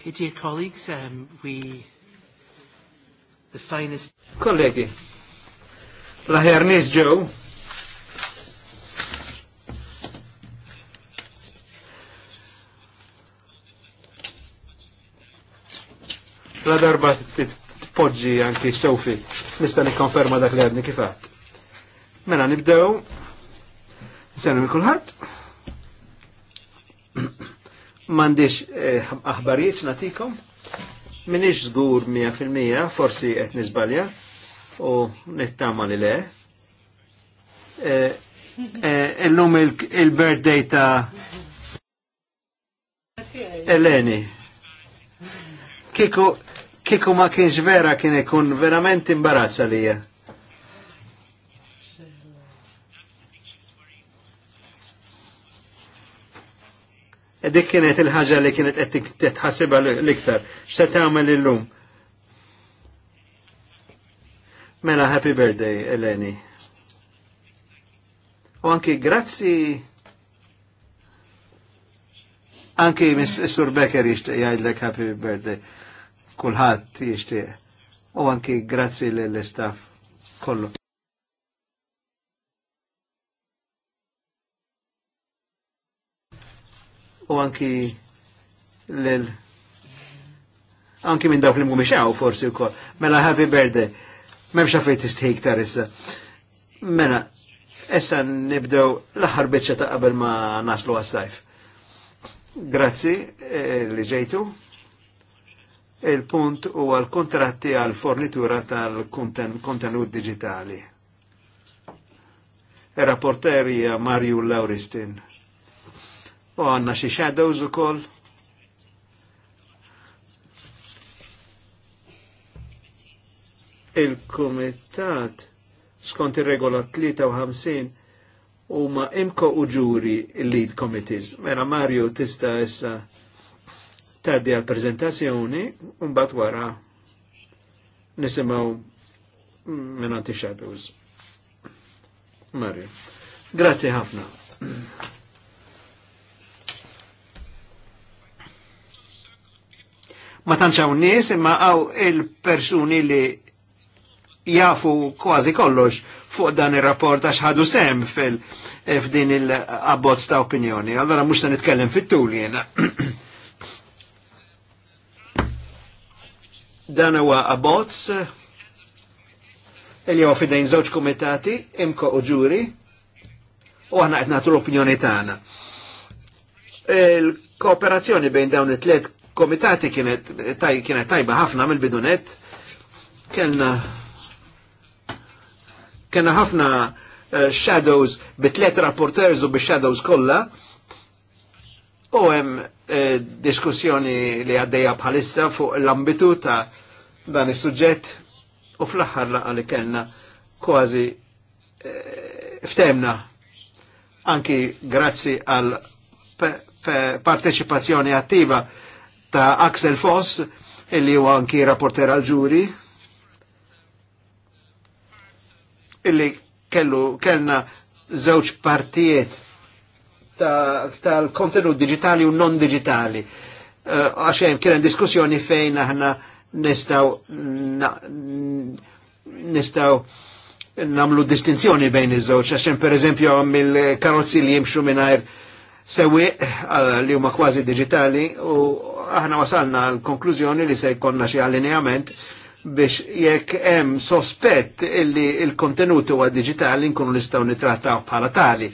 Okay, dear colleagues, um, we the finest. Kollegi, laħjar nis ġew. La darba t tpoġġi anki Sofi, nista' konferma dak li għadni kifat. Mela nibdew, nsemmi kulħadd. Mandiċ eh, aħbarijiet natikom, minix zgur 100%, forsi qed nizbalja, u nittama li le. Eh, eh Illum il-birthday il ta' Eleni. Kiku, ma kienx vera kien ikun verament imbarazza lija. dik kienet il-ħaġa li kienet qed titħassibha l-iktar. Xta tagħmel illum? Mela happy birthday, Eleni. U anki grazzi anki Sur Becker jishtiq jgħidlek happy birthday. Kulħadd jishtiq. U anki grazzi lill-istaff kollu. u anki lil anki minn dawk li mhumiex hawn forsi wkoll. Mela happy birthday. M'hemmx affejt tistħik ta' issa. Mela, issa nibdew l-aħħar bieċa ta' qabel ma naslu għas-sajf. Grazzi eh, li ġejtu. Il-punt u għal-kontratti għal-fornitura tal-kontenut digitali. Il-rapporterja Marju Lauristin u għanna xie shadows u koll. Il-komitat skont il-regola 53 u ma imko uġuri il-lead committees. Mela Mario tista issa taddi għal-prezentazzjoni un bat wara nisimaw minn shadows. Mario. Grazie ħafna. ma tantx n nies imma għaw il-persuni li jafu kważi kollox fuq dan ir-rapport għax ħadu sem fil f'din il-abbozz ta' opinjoni. Allora mhux se nitkellem fit-tul jena. dan huwa abbozz li huwa fidejn żewġ komitati, imko u ġuri, u aħna qed nagħtu l-opinjoni tagħna. Il-kooperazzjoni bejn dawn it tlet komitati kienet, taj, kienet tajba ħafna mill-bidunet, kellna kellna ħafna uh, shadows bitlet rapporteurs u bi-shadows kollha u hemm uh, diskussjoni li għaddejja bħalissa fuq l-ambitu ta' dan is-suġġett u fl-aħħar laqa li kellna kważi uh, ftemna anki grazzi għal partecipazzjoni attiva ta' Axel Foss, illi huwa anki rapporter għal-ġuri, illi kellu kellna żewġ partijiet tal-kontenut ta digitali u non digitali. Eh, għaxem, uh, kienem diskussjoni fejn aħna nistaw na, nistaw namlu distinzjoni bejn iż-żewġ, għaxem per eżempju għam il-karozzi li jimxu minnajr sewi uh, li huma kważi digitali u aħna wasalna l-konklużjoni li se jkollna xi allineament biex jekk hemm sospett illi il-kontenut huwa digitali nkunu nistgħu nitrattaw bħala tali.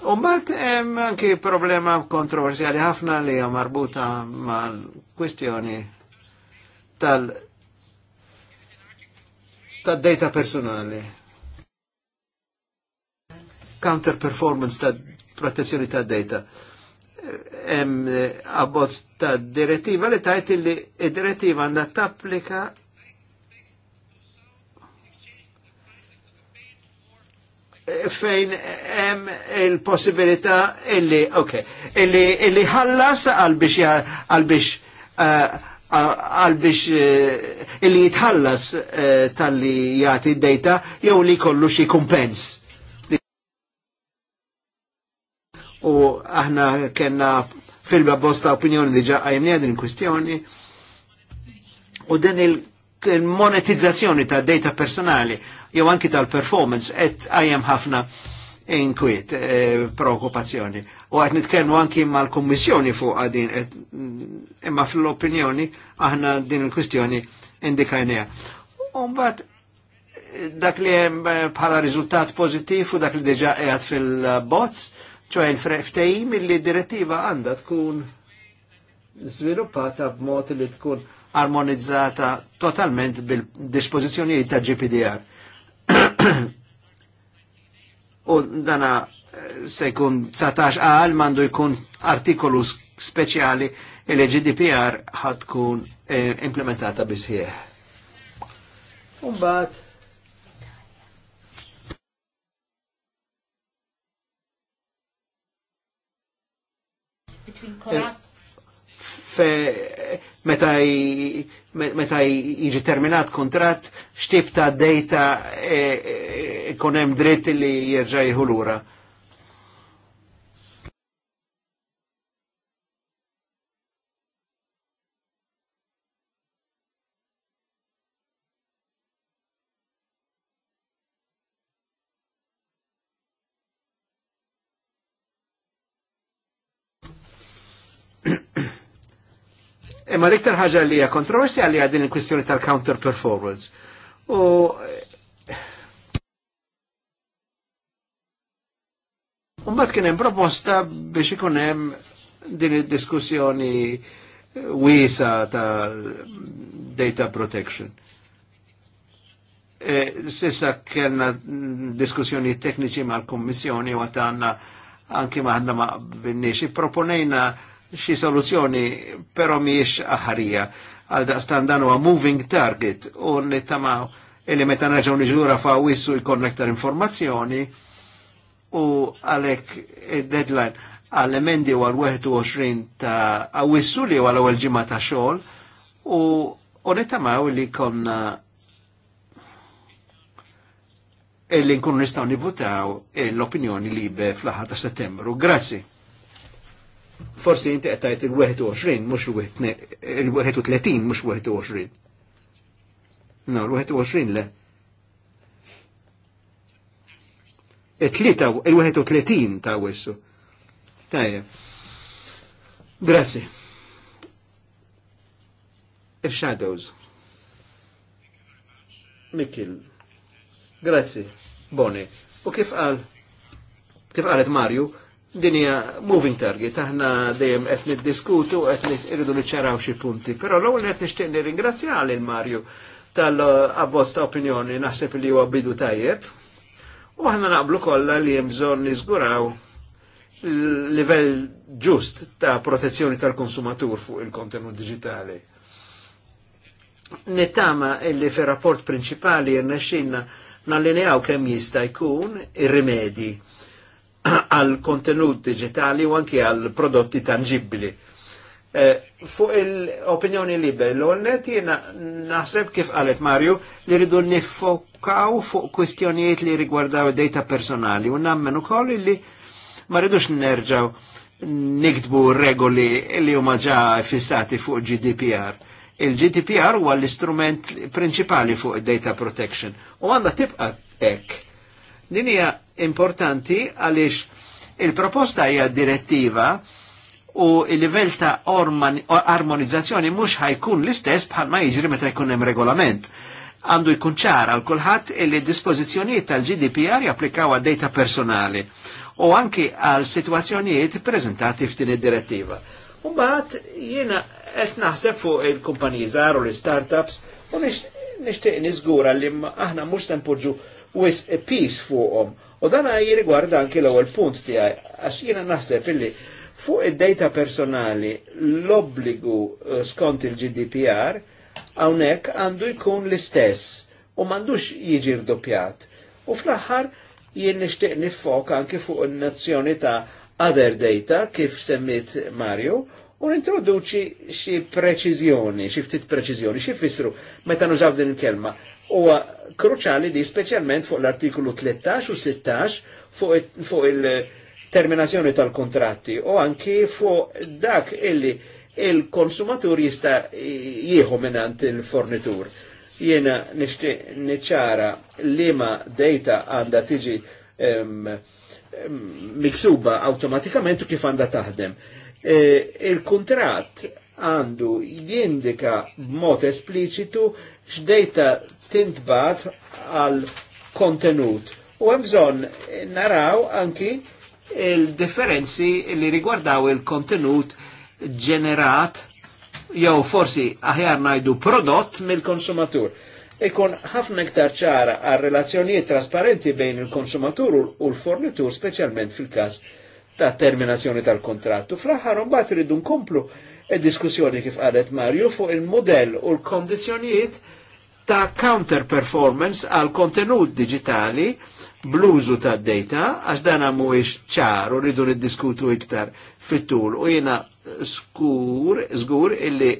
mbagħad hemm anki problema kontroversjali ħafna li hija marbuta mal-kwistjoni tal- tad-data personali. Counter performance tad protezzjoni tad-data hemm abbozz ta' direttiva li tajt li id-direttiva għandha tapplika fejn hemm il-possibilità illi ok illi illi ħallas għal biex għal biex eh, għal biex eh, illi jitħallas eh, tal-li jagħti d-dejta jew li kollu xi kumpens aħna kena filba bosta opinjoni diġa għajmni għadin kustjoni. u den il-monetizzazzjoni ta' data personali jew anki tal-performance et għajem ħafna inkwiet eh, preokkupazzjoni. U għat nitkellmu anki l kommissjoni fuq għadin, imma fl-opinjoni aħna din il kustjoni indikajnija. Umbat dak li jem eh, bħala rizultat pozitif u dak li deġa qiegħed fil-bots eh, ċoħen il-li direttiva għanda tkun sviluppata b'mod li tkun armonizzata totalment bil dispozizjoni ta' GPDR. U dana eh, se jkun 19 għal mandu jkun artikolu speċjali il GDPR ħad tkun eh, implementata bisħieħ. Umbat, between corrupt eh, meta jiġi terminat kontrat xtib ta' data eh, eh, ikun hemm dritt li jerġa' jieħu Imma l-iktar ħaġa li hija kontroversja li għadin il-kwistjoni tal-counter performance. U eh, Umbat kien hemm proposta biex ikun hemm din id-diskussjoni wiesa tal data protection. Eh, sissa kellna diskussjoni tekniċi mal-Kommissjoni u għatanna anki maħna ma' binnix. Proponejna xi soluzzjoni però mhijiex aħarija għal daqstan dan huwa moving target u nittamaw illi meta nerġgħu niġura fa' wissu jkollna aktar informazzjoni u għalhekk id-deadline għall-emendi u għal-21 ta' għawissu li għal ewwel ġimma ta' xogħol u u li konna illi nkunu nistgħu nivutaw l-opinjoni libe fl-aħħar ta' settembru. Grazzi. Forsi jinti qed il-21 mux il-31 il 21. No, il 21 le. it-tlita, il-31 ta' wissu. Tajja. Grazie. Il-Shadows. Mikil. Grazie. Boni. U kif għal? Kif għalet Mario dinja moving target, aħna dejjem qed niddiskutu qed irridu niċċaraw xi punti. Però l-ewwel qed nixtieq ringrazzja lil marju tal abbost ta' opinjoni naħseb li huwa bidu tajjeb. U aħna naqblu kollha li hemm bżonn niżguraw livell ġust ta' protezzjoni tal-konsumatur fuq il-kontenut digitali. Nittama illi fi rapport prinċipali jirnexxinna nallinjaw kemm jista' jkun ir-rimedji għal kontenut digitali u anki għal prodotti tangibili. Eh, fuq il-opinjoni liber, l-għolnet jena naħseb kif għalet Marju li rridu nifokaw fuq kwistjonijiet li rigwardaw data personali u nammen u koll li ma rridux nerġaw niktbu regoli li huma ġa fissati fuq GDPR. Il-GDPR huwa l-istrument prinċipali fuq data protection u għandha tibqa' hekk Din hija importanti għaliex il-proposta hija direttiva u il-livell ta' armonizzazzjoni mhux ħajkun l-istess bħalma jiġri meta jkun hemm regolament. Għandu jkun ċar għal kulħadd li dispożizzjonijiet tal-GDPR japplikaw għad data personali u anki għal situazzjonijiet prezentati f'din id-direttiva. Umbagħad jiena qed naħseb fuq il-kumpaniji żgħar u l-startups u nishtiq nizgura li aħna mux senpoġu wis pis fuqom. U dana jirigwarda anki l-ewwel punt tiegħi għax jiena naħseb illi fuq id-data personali l-obbligu eh, skont il-GDPR hawnhekk għandu jkun l-istess u m'għandux jiġi rdoppjat. U fl-aħħar jien nixtieq nifok anki fuq in-nazzjoni ta' other data kif semmit Mario u nintroduċi xi preċizjoni, xi ftit preċiżjoni, xi fissru meta nużaw din il-kelma. Huwa kruċali di speċjalment fuq l-artikolu 13 u 16 fuq il-terminazzjoni tal-kontratti u anki fuq dak illi il-konsumatur jista' jieħu minnant il-fornitur. Jiena neċara li liema data għandha tiġi miksuba automatikament u kif għandha taħdem. E, il-kontrat għandu jindika mod espliċitu x'dejta tintbat għal kontenut. U hemm bżonn naraw anki il-differenzi li rigwardaw il-kontenut ġenerat jew forsi aħjar najdu prodott mill-konsumatur. Ikun ħafna iktar ċara għal relazzjonijiet trasparenti bejn il-konsumatur u l-fornitur, specialment fil-każ ta' terminazzjoni tal-kontrattu. Fl-aħħar mbagħad irridu nkomplu id-diskussjoni kif qalet Marju fuq il-modell u l-kondizzjonijiet ta' counter performance għal kontenut digitali bluzu ta' data għax dan mhuwiex ċar u rridu niddiskutu iktar fit-tul u jiena skur żgur illi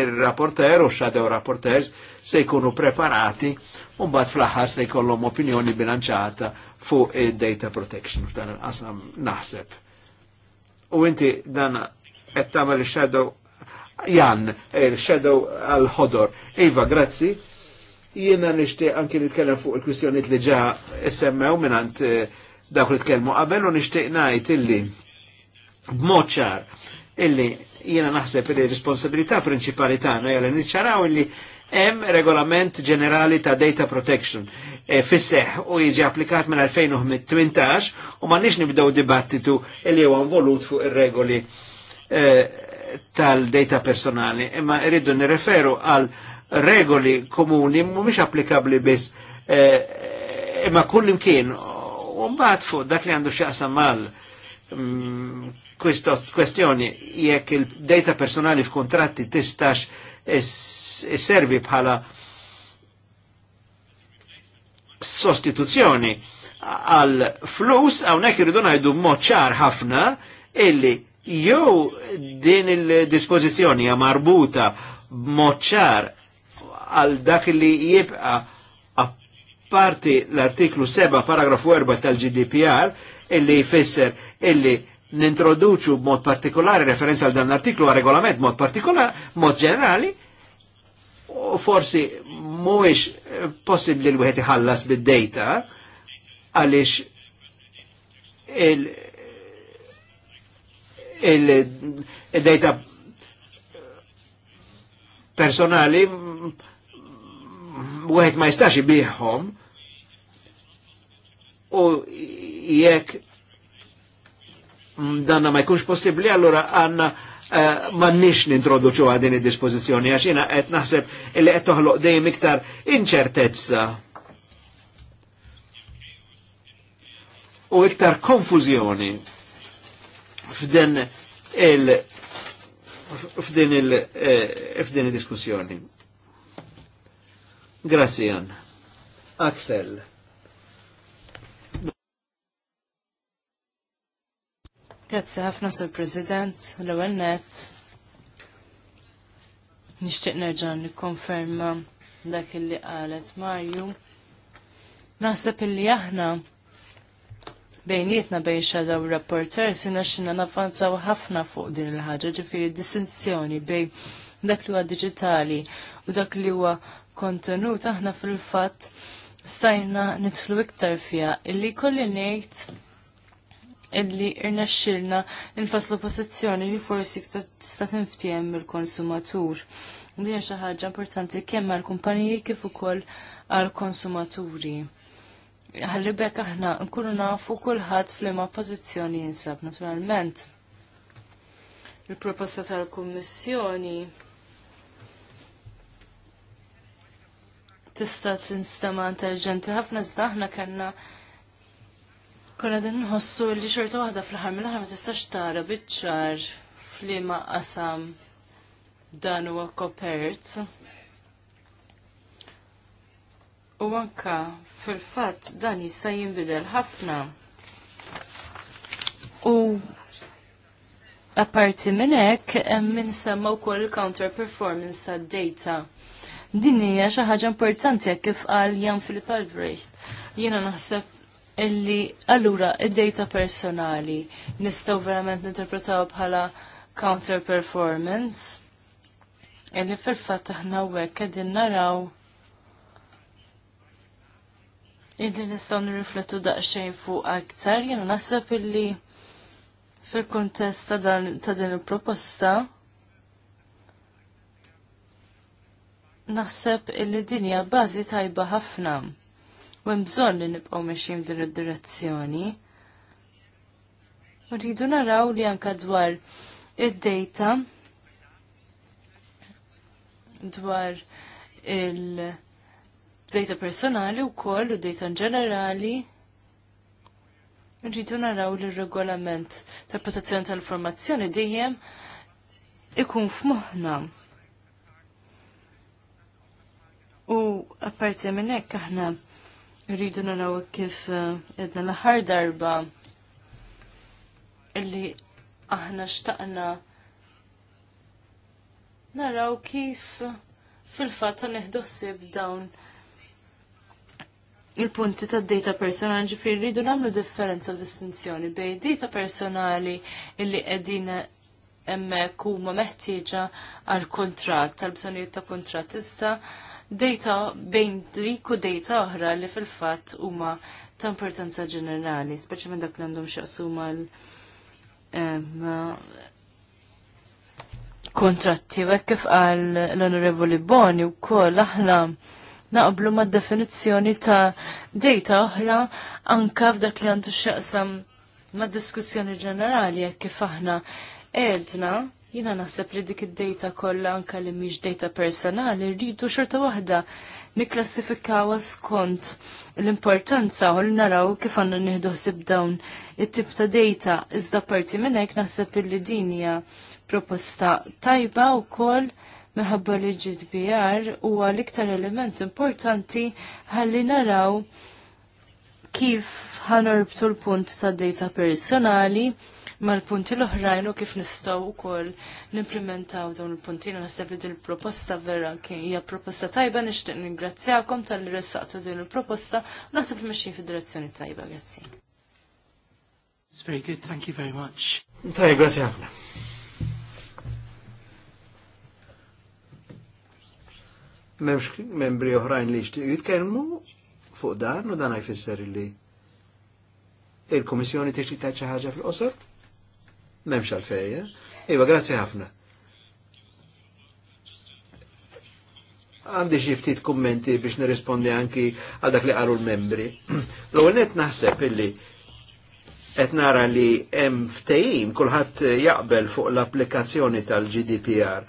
r rapporter u shadow rapporters se jkunu preparati u mbagħad fl-aħħar se jkollhom opinjoni bilanċata fuq id-data protection f'dan il-qasam naħseb u inti dan qed tagħmel il-shadow Jan, il-shadow għal-ħodor. Iva, grazzi. Jiena nixtieq anki nitkellem fuq il-kwistjoniet li ġa semmew minnant eh, dawk li tkellmu qabel u nixtieq ngħid illi b'mod ċar illi jiena naħseb li responsabilità prinċipali tagħna jgħal niċċaraw illi hemm regolament ġenerali ta' data protection E, fisseħ u jiġi applikat minn 2018 u ma nix nibdaw dibattitu li huwa involut fuq ir-regoli e, tal-data personali, imma irridu nirreferu għal regoli komuni mhumiex applikabli biss e, imma kull imkien u mbagħad fuq dak li għandu x'jaqsam mal mm, kwestjoni jekk il-data personali f'kontratti tistax servi bħala sostituzzjoni għal flus hawnhekk irridu ngħidu moċar ħafna illi jew din il dispozizjoni hija marbuta moċar għal dak li jibqa parti l-artiklu 7 paragrafu 4 tal-GDPR illi jfisser illi nintroduċu mod partikolari referenza għal dan l-artiklu għal regolament mod partikolari, mod ġenerali, forsi mhuwiex possibbli l wieħed iħallas bid dejta għaliex il dejta personali wieħed ma jistax biħom u jekk danna ma jkunx possibbli allura għandna Eh, nix nintroduċu għadin id-dispozizjoni, għax jena għet naħseb illi għet toħloq dejjem iktar inċertezza. U iktar konfuzjoni f'den il f'din il eh, f'din il-diskussjoni. Grazie Axel. Grazzi ħafna sur President, l-ewwel net. Nixtieq nerġa' nikkonferma dak illi qalet Marju. Naħseb illi aħna bejnietna bejn xadaw rapporter sina xina nafanzaw ħafna fuq din il-ħaġa ġifiri distinzjoni bejn dak li huwa digitali u dak li huwa kontenut aħna fil-fatt stajna nidħlu iktar fija illi kolli ngħid illi irnexxilna nfasslu pożizzjoni li forsi tista' tinftiem il-konsumatur. Din xi ħaġa importanti kemm għall-kumpaniji kif ukoll għall-konsumaturi. Ħalli bekk aħna nkunu nafu kulħadd f'liema pożizzjoni jinsab naturalment. Il-proposta tal-Kummissjoni tista' tinstema intelligenti ħafna iżda aħna kellna Kolla din nħossu li xorta waħda fl-ħar mill ma tistax tara bitċar fl qasam dan huwa kopert. U anka fil-fatt dan jista' jinbidel ħafna. U apparti minn hekk hemm semma wkoll il-counter performance tad-data. Din hija xi ħaġa importanti kif qal Jan Philip Albrecht. Jiena naħseb illi allura id-data personali nistgħu verament ninterpretaw bħala counter performance illi fil-fatt aħna hawnhekk qegħdin naraw illi nistgħu nirriflettu daqsxejn fuq aktar jiena naħseb illi fil-kuntest ta' din il-proposta naħseb illi dinja bażi tajba ħafna u li nibqgħu mexjin din id-direzzjoni. U rridu naraw li anka dwar id-data dwar il-data personali u koll u data ġenerali Rridu naraw li regolament tal protezzjoni tal-informazzjoni dejjem ikun f'moħħna. U apparti minn hekk aħna Rridu naraw kif eh, edna l-ħar darba illi aħna xtaqna naraw kif fil-fatt neħduħsib dawn il-punti ta' data personali ġifri rridu namlu differenza u distinzjoni bej data personali illi qegħdin hemmhekk huma meħtieġa għal kuntratt, tal bżonijiet ta' kontratista, data bejn dik u data oħra li fil-fatt huma ta' importanza ġenerali, speċi minn dak li għandhom xaqsuma l kontratti u kif qal l-Onorevoli Boni u koll aħna naqblu ma' definizzjoni ta' data oħra anka f'dak li għandu xaqsam ma' diskussjoni ġenerali jekk kif aħna edna Jina naħseb li dik id-data kollha anke li mhix data personali rridu xorta waħda niklassifikawa skont l-importanza u naraw kif għandna nieħdu ħsib dawn it-tip ta' data iżda parti minn hekk naħseb li din hija proposta tajba wkoll meħabba li GDPR huwa l-iktar element importanti ħalli naraw kif ħanorbtu l-punt ta' data personali mal-punti l-oħrajn u kif nistgħu wkoll nimplementaw dawn il-punti naħseb li din il-proposta vera kien hija proposta tajba nixtieq ningrazzjakom tal resaqtu ressaqtu din il-proposta u naħseb li mexxin fid-direzzjoni tajba, grazzi. It's very good, thank you very much. Tajja, grazzi ħafna. M'hemmx membri oħrajn li jishtiq jitkelmu fuq dan u dan għajfisser li il-Komissjoni teċi taċċa ħaġa fil-qosor? memx għalfejja. Eh? Iva, grazie ħafna. Għandi xi ftit kummenti biex nirrispondi anki għal dak li qalu l-membri. L-ewwel qed naħseb illi qed nara li hemm ftehim kulħadd jaqbel fuq l-applikazzjoni tal-GDPR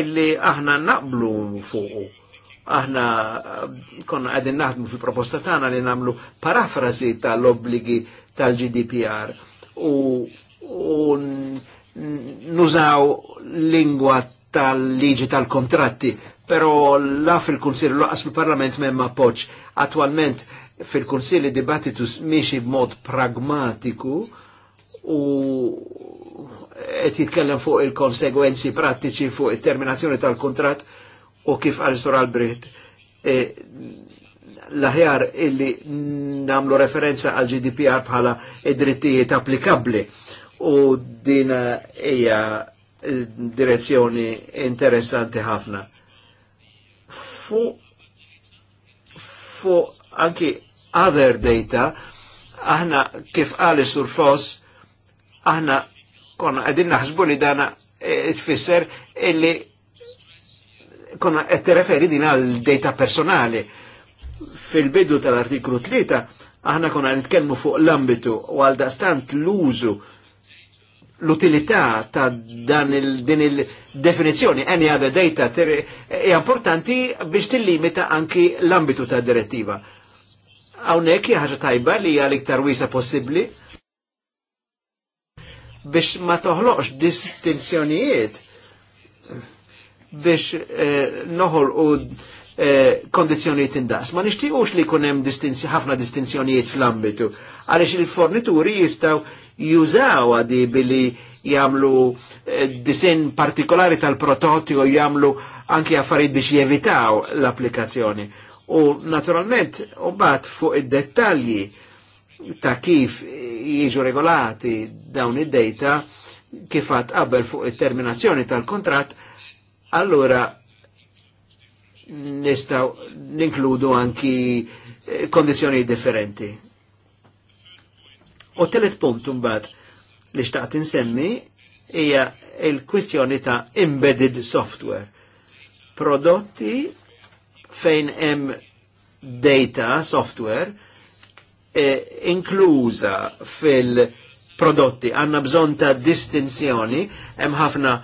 illi aħna naqblu fuq. aħna eh, konna għedin naħdmu fil-proposta tagħna li namlu parafrasi tal-obbligi tal-GDPR u u nużaw lingwa tal-liġi tal-kontratti, pero la fil-Kunsil, laqas fil-Parlament memma poċ. Attualment fil-Kunsil dibattitus miexi b'mod pragmatiku u qed jitkellem fuq il-konsegwenzi prattiċi fuq it-terminazzjoni tal kontrat u kif għal Sur Albrecht e, l-aħjar illi namlu referenza għal GDPR bħala id-drittijiet applikabli u din hija direzzjoni interessanti ħafna. Fu, fu anki other data, aħna kif għali fos, aħna konna għedin naħsbu li dana e, tfisser illi konna għed referi din għal data personali. Fil-bidu tal-artiklu 3 aħna konna nitkellmu fuq l-ambitu u għal dastant l-użu l-utilità ta' dan il, din il-definizjoni any other data e importanti biex tillimita anki l-ambitu ta' direttiva. Hawnhekk hija ħaġa tajba li hija l-iktar wiesa possibbli biex ma toħloqx distinzjonijiet biex eh, noħol u eh, kondizjonijiet indas. Ma nixtiqux li kunem ħafna distinzjonijiet fl-ambitu, għaliex il-fornituri jistaw jużaw għadi billi jamlu eh, disin partikolari tal-prototi u jamlu anki affarijiet biex jevitaw l-applikazzjoni. U naturalment, u bat fuq id-dettalji ta' kif jiġu regolati dawn id-data kifat għat qabel fuq il-terminazzjoni tal-kontrat, allura nistaw ninkludu anki eh, kondizjoni differenti. U telet punt mbagħad li xtaqt insemmi hija il-kwistjoni ta' embedded software. Prodotti fejn hemm data software eh, inkluża fil-prodotti għanna bżonn ta' distinzjoni hemm ħafna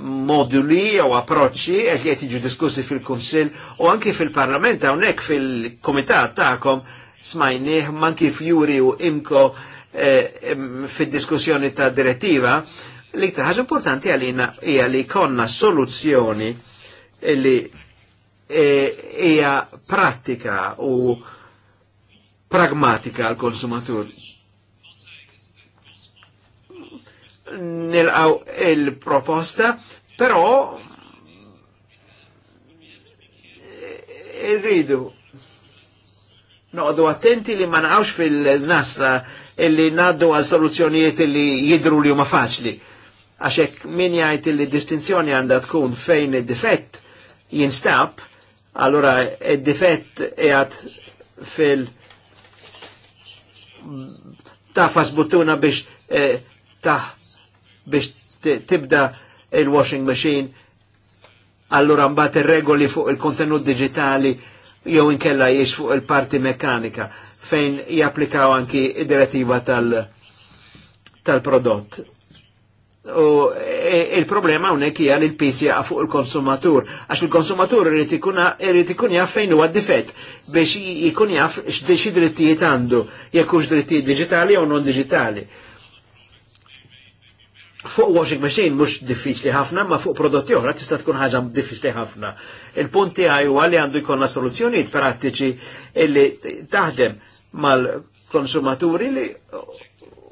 moduli u approċċi qed qed jiġu diskussi fil-Kunsill u anki fil-Parlament hawnhekk fil-Kumitat tagħkom smajnih manki fjuri u imko Eh, fil diskussjoni ta' direttiva, li iktar ħaġa importanti għalina hija li konna soluzzjoni li eh, hija pratika u pragmatika għal konsumatur. Nilqaw il-proposta, però irridu eh, noqdu attenti li ma naqawx fil-nassa illi naddu għal soluzzjonijiet illi jidru li huma faċli. Għaxek min jgħid illi distinzjoni għandha tkun fejn id-difett jinstab, allura id-difett jgħat fil- tafas buttuna biex ta' eh, taħ biex tibda il-washing machine allura mbagħad ir-regoli fuq il-kontenut digitali jew inkella jiex fuq il-parti mekkanika fejn japplikaw anki id-direttiva tal-prodott. Tal U e, il-problema hawnhekk hija li l pisja fuq il-konsumatur, għax il-konsumatur irid ikun jaf fejn huwa difett biex ikun jaf xi drittijiet għandu, jekk hux drittijiet diġitali jew non diġitali. Fuq washing machine mhux diffiċli ħafna, ma fuq prodotti oħra tista' tkun ħaġa diffiċli ħafna. il punti għaj huwa li għandu jkollna soluzzjonijiet prattiċi illi taħdem mal-konsumaturi li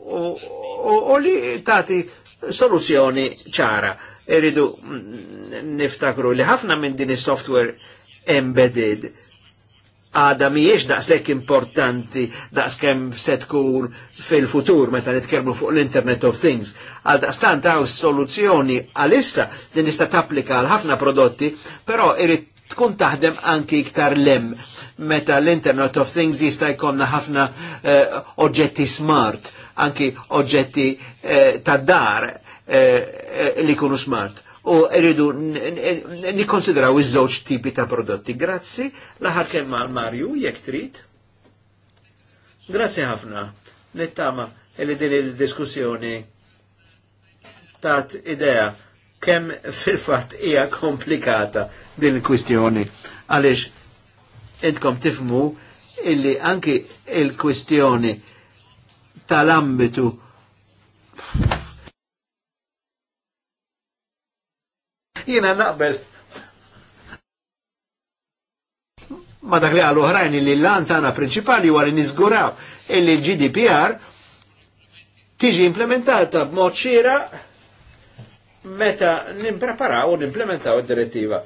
u li tati soluzzjoni ċara. Eridu niftakru li ħafna minn din is-software embedded għada miex daqsek importanti daqskem setkur fil-futur meta nitkellmu fuq l-Internet of Things. Għal daqstant għaw soluzzjoni għalissa din nista tapplika għal ħafna prodotti, però irrid tkun taħdem anki iktar lem meta l-Internet of Things jista' jkollna ħafna uh, oġġetti smart, anki oġġetti uh, eh, tad-dar uh, eh, li jkunu smart. U rridu nikkonsidraw iż-żewġ tipi ta' prodotti. Grazzi, l-aħħar kelma Marju, jekk trid. Grazzi ħafna. Nittama li din il-diskussjoni tat idea kemm fil-fatt hija komplikata din il-kwistjoni. Għaliex idkom tifmu illi anki il-kwistjoni tal-ambitu jina naqbel ma dak li għal ħrajn illi l-lan tana prinċipali nizguraw illi l-GDPR tiġi implementata b'mod meta nimpreparaw u nimplementaw id-direttiva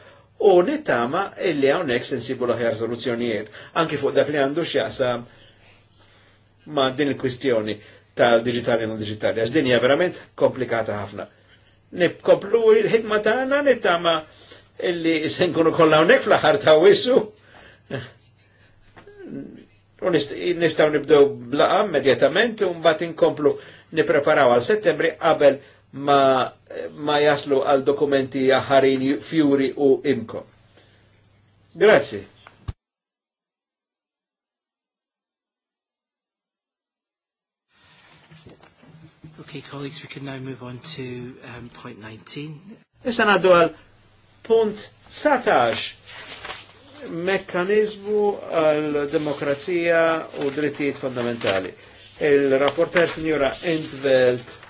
u nittama illi hawnhekk sensibu nsibu l-aħjar soluzzjonijiet anki fuq dak li għandu x'jaqsa ma' din il-kwistjoni tal-digitali non digitali għax din hija verament komplikata ħafna. Nibkomplu il-ħidma tagħna nittama illi se nkunu kollha hawnhekk fl-aħħar ta' wissu. nistgħu nibdew blaqa immedjatament u mbagħad inkomplu nippreparaw għal settembri qabel ma, ma jaslu għal dokumenti aħarin fjuri u imko. Grazie. Okay, colleagues, we can now move on to um, point 19. Issa naddu għal punt 19 mekkanizmu għal demokrazija u drittijiet fondamentali. Il-rapporter signora Entvelt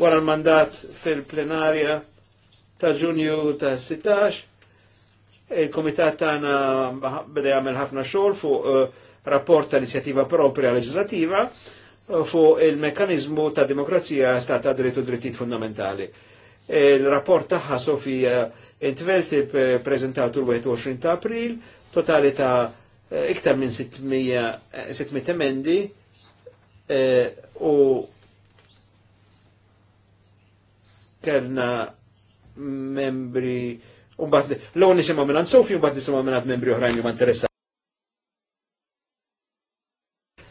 wara l-mandat fil-plenarja ta' ġunju ta' 16. Il-komitat tagħna bada jagħmel ħafna xogħol fuq eh, rapport ta' inizjattiva propria leġislativa eh, fuq il-mekkanizmu ta' demokrazija stata dritt u drittijiet fundamentali. Il-rapport tagħha Sofija Intvelti preżentatu l-21 ta' April, totali ta' eh, iktar minn 600 emendi u kellna membri u bat l-għon nisimaw minnant Sofi u bat nisimaw minnant membri uħrajn ju interessa.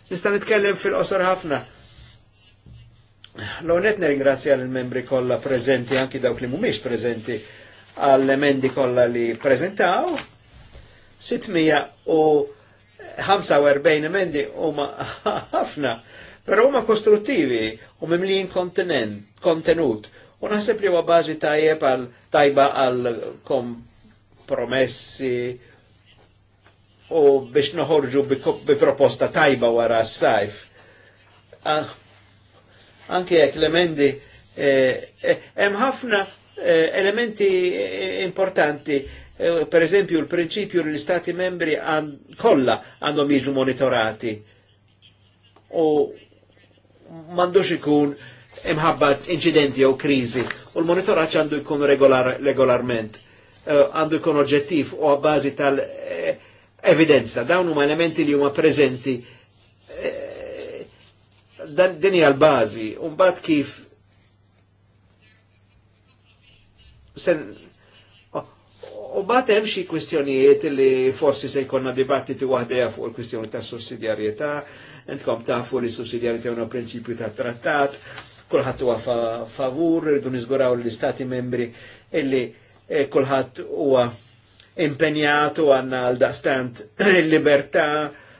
Nista' nitkellem fil-qosor ħafna. L-għonet ringrazzja l-membri kolla prezenti, anki dawk li mumiex prezenti, għall-emendi kolla li prezentaw. 645 emendi huma ħafna, pero huma kostruttivi u mimlijin kontenut U naħseb li huwa bażi tajjeb għal tajba għal kompromessi u biex noħorġu bi proposta tajba wara s-sajf. Anki jekk l-emendi eh, eh, hemm ħafna eh, elementi importanti per eżempju l-prinċipju li l-Stati membri kollha għandhom jiġu monitorati u mandux ikun eh, imħabba incidenti jew krizi u l-monitoraċ għandu jkun regolar, regolarment eh, għandu uh, jkun oġġettiv u għabbażi tal-evidenza. Dawn huma elementi li huma preżenti eh, din hija l-bażi. mbagħad kif sen U bat hemm xi kwistjonijiet li forsi se jkollna dibattiti waħdeja fuq il-kwistjoni ta' sussidjarjetà, entkom tafu li sussidjarjetà huwa prinċipju ta' trattat, kulħadd huwa favur, irridu niżguraw l-istati membri illi eh, kulħadd huwa impenjatu għanna għal daqstant libertà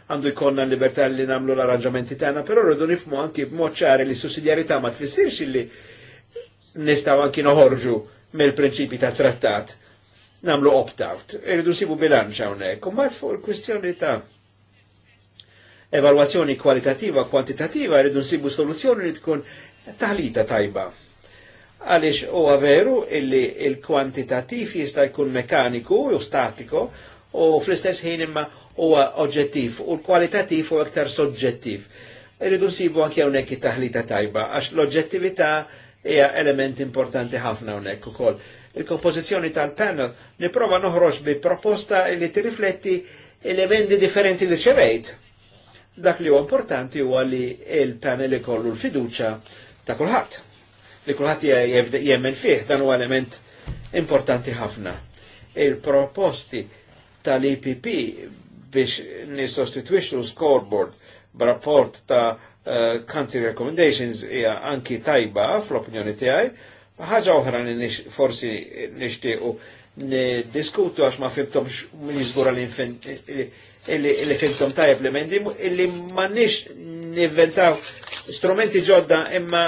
għandu jkollna l-libertà li namlu l-arranġamenti tagħna, però rridu nifmu anki b'mod ċari li sussidjarità ma tfissirx li nistgħu anki noħorġu mill-prinċipi ta' trattat namlu opt-out. Irridu sibu bilanċ hawnhekk. U mbagħad fuq il-kwistjoni ta' evalwazzjoni kwalitativa, kwantitativa, irridu nsibu soluzzjoni li tkun taħlita tajba. Għaliex huwa veru illi il-kwantitativ jista' jkun mekaniku u statiku u fl-istess ħin imma u oġġettiv u l-kwalitativ u aktar soġġettiv. Irridu nsibu għak jawnek it-taħlita tajba għax l-oġġettività hija element importanti ħafna hawnhekk ukoll. Il-kompożizzjoni tal-panel nipprova noħroġ bi proposta li tirrifletti elementi differenti li ċevejt dak li huwa importanti huwa li il-panel ikollu l-fiduċa ta' kulħadd. Li kulħadd jemmen fih dan huwa element importanti ħafna. Il-proposti tal-IPP biex nisostitwixxu scoreboard b'rapport ta' uh, country recommendations hija anki tajba fl-opinjoni tiegħi, ħaġa oħra li forsi nixtiequ diskutu għax ma fimtomx minn jizgura illi fintom tajab li mendi, illi mannix nivventaw strumenti ġodda imma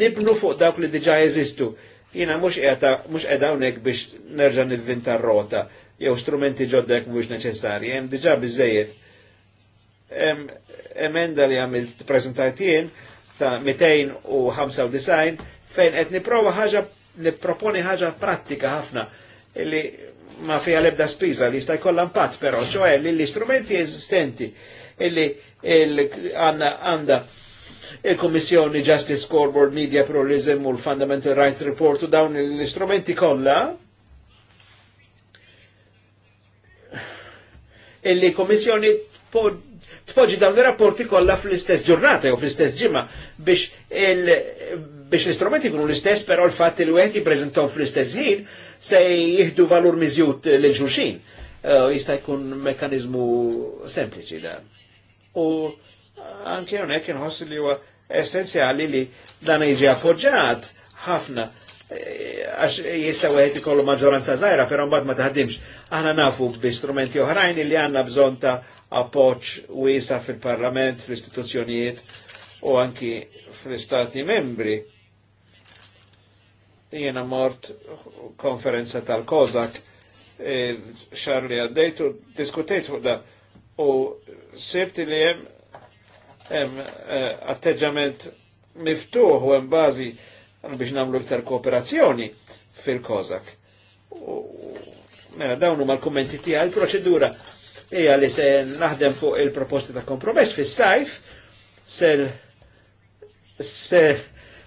nibnu fuq dawk li diġa jeżistu. Jina mux edha, mux edha unek biex nerġa nivvinta rota, jew strumenti ġodda jek mux neċessari, jem diġa bizzejiet. Emenda li għamilt prezentajtien ta' 295 fejn qed niprova ħaġa nipproponi ħaġa prattika ħafna illi ma fija lebda spiża li staj kollan pat, però, cioè li l-istrumenti eżistenti illi għanda il-Kommissjoni Justice Scoreboard, Media Pluralism u l-Fundamental Rights Report u dawn l-istrumenti kolla illi Kommissjoni tpoġi dawn il rapporti kollha fl-istess ġurnata jew fl-istess ġimgħa biex il biex l-istrumenti kunu l-istess però l fat li wieħed jippreżentahom fl-istess ħin se jihdu valur miżjut l xulxin. Eh, jista' jkun mekkaniżmu sempliċi dan. U anke hawnhekk inħoss li huwa essenzjali li dan jiġi appoġġjat ħafna għax jistaw għed ikollu maġoranza zaħira, pero mbagħad ma taħdimx. Aħna nafu b'istrumenti oħrajn li għanna bżon ta' appoċ jisa fil-parlament, fil istituzzjonijiet u anki fil istati membri. Jena mort konferenza tal-Kozak e, xar li għaddejtu, diskutejtu da u sebti li jem e, atteġament miftuħ u jem bazi biex namlu iktar kooperazzjoni fil-Kozak. Mela, dawnu mal-kommenti tija, il-proċedura hija li se naħdem fuq il-proposti ta' kompromess fis-sajf, se, se,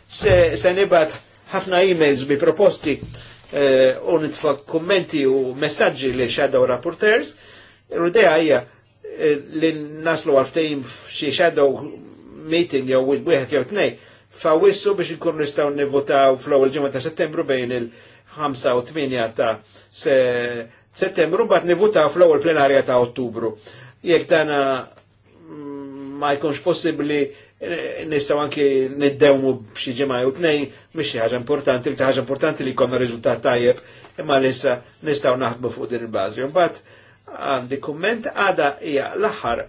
se nibat ħafna emails bi proposti eh, u nitfa kommenti u messaġġi li shadow rapporteurs, l-idea hija eh, li naslu għal ftehim f'xi shadow meeting jew wieħed jew tnej fawissu biex nkunu nistgħu nivvotaw fl-ewwel ġimgħa ta' Settembru bejn il-5 u 8 ta' Settembru mbagħad nivvotaw fl-ewwel plenarja ta' Ottubru. Jekk dan mm, ma jkunx possibbli nistaw anki niddewmu b'xi ġimgħa u tnejn mhix xi ħaġa importanti, li ħaġa importanti li jkollna riżultat tajjeb, imma lissa nistgħu naħdmu fuq din il-bażi. Mbagħad għandi kumment għada hija l-aħħar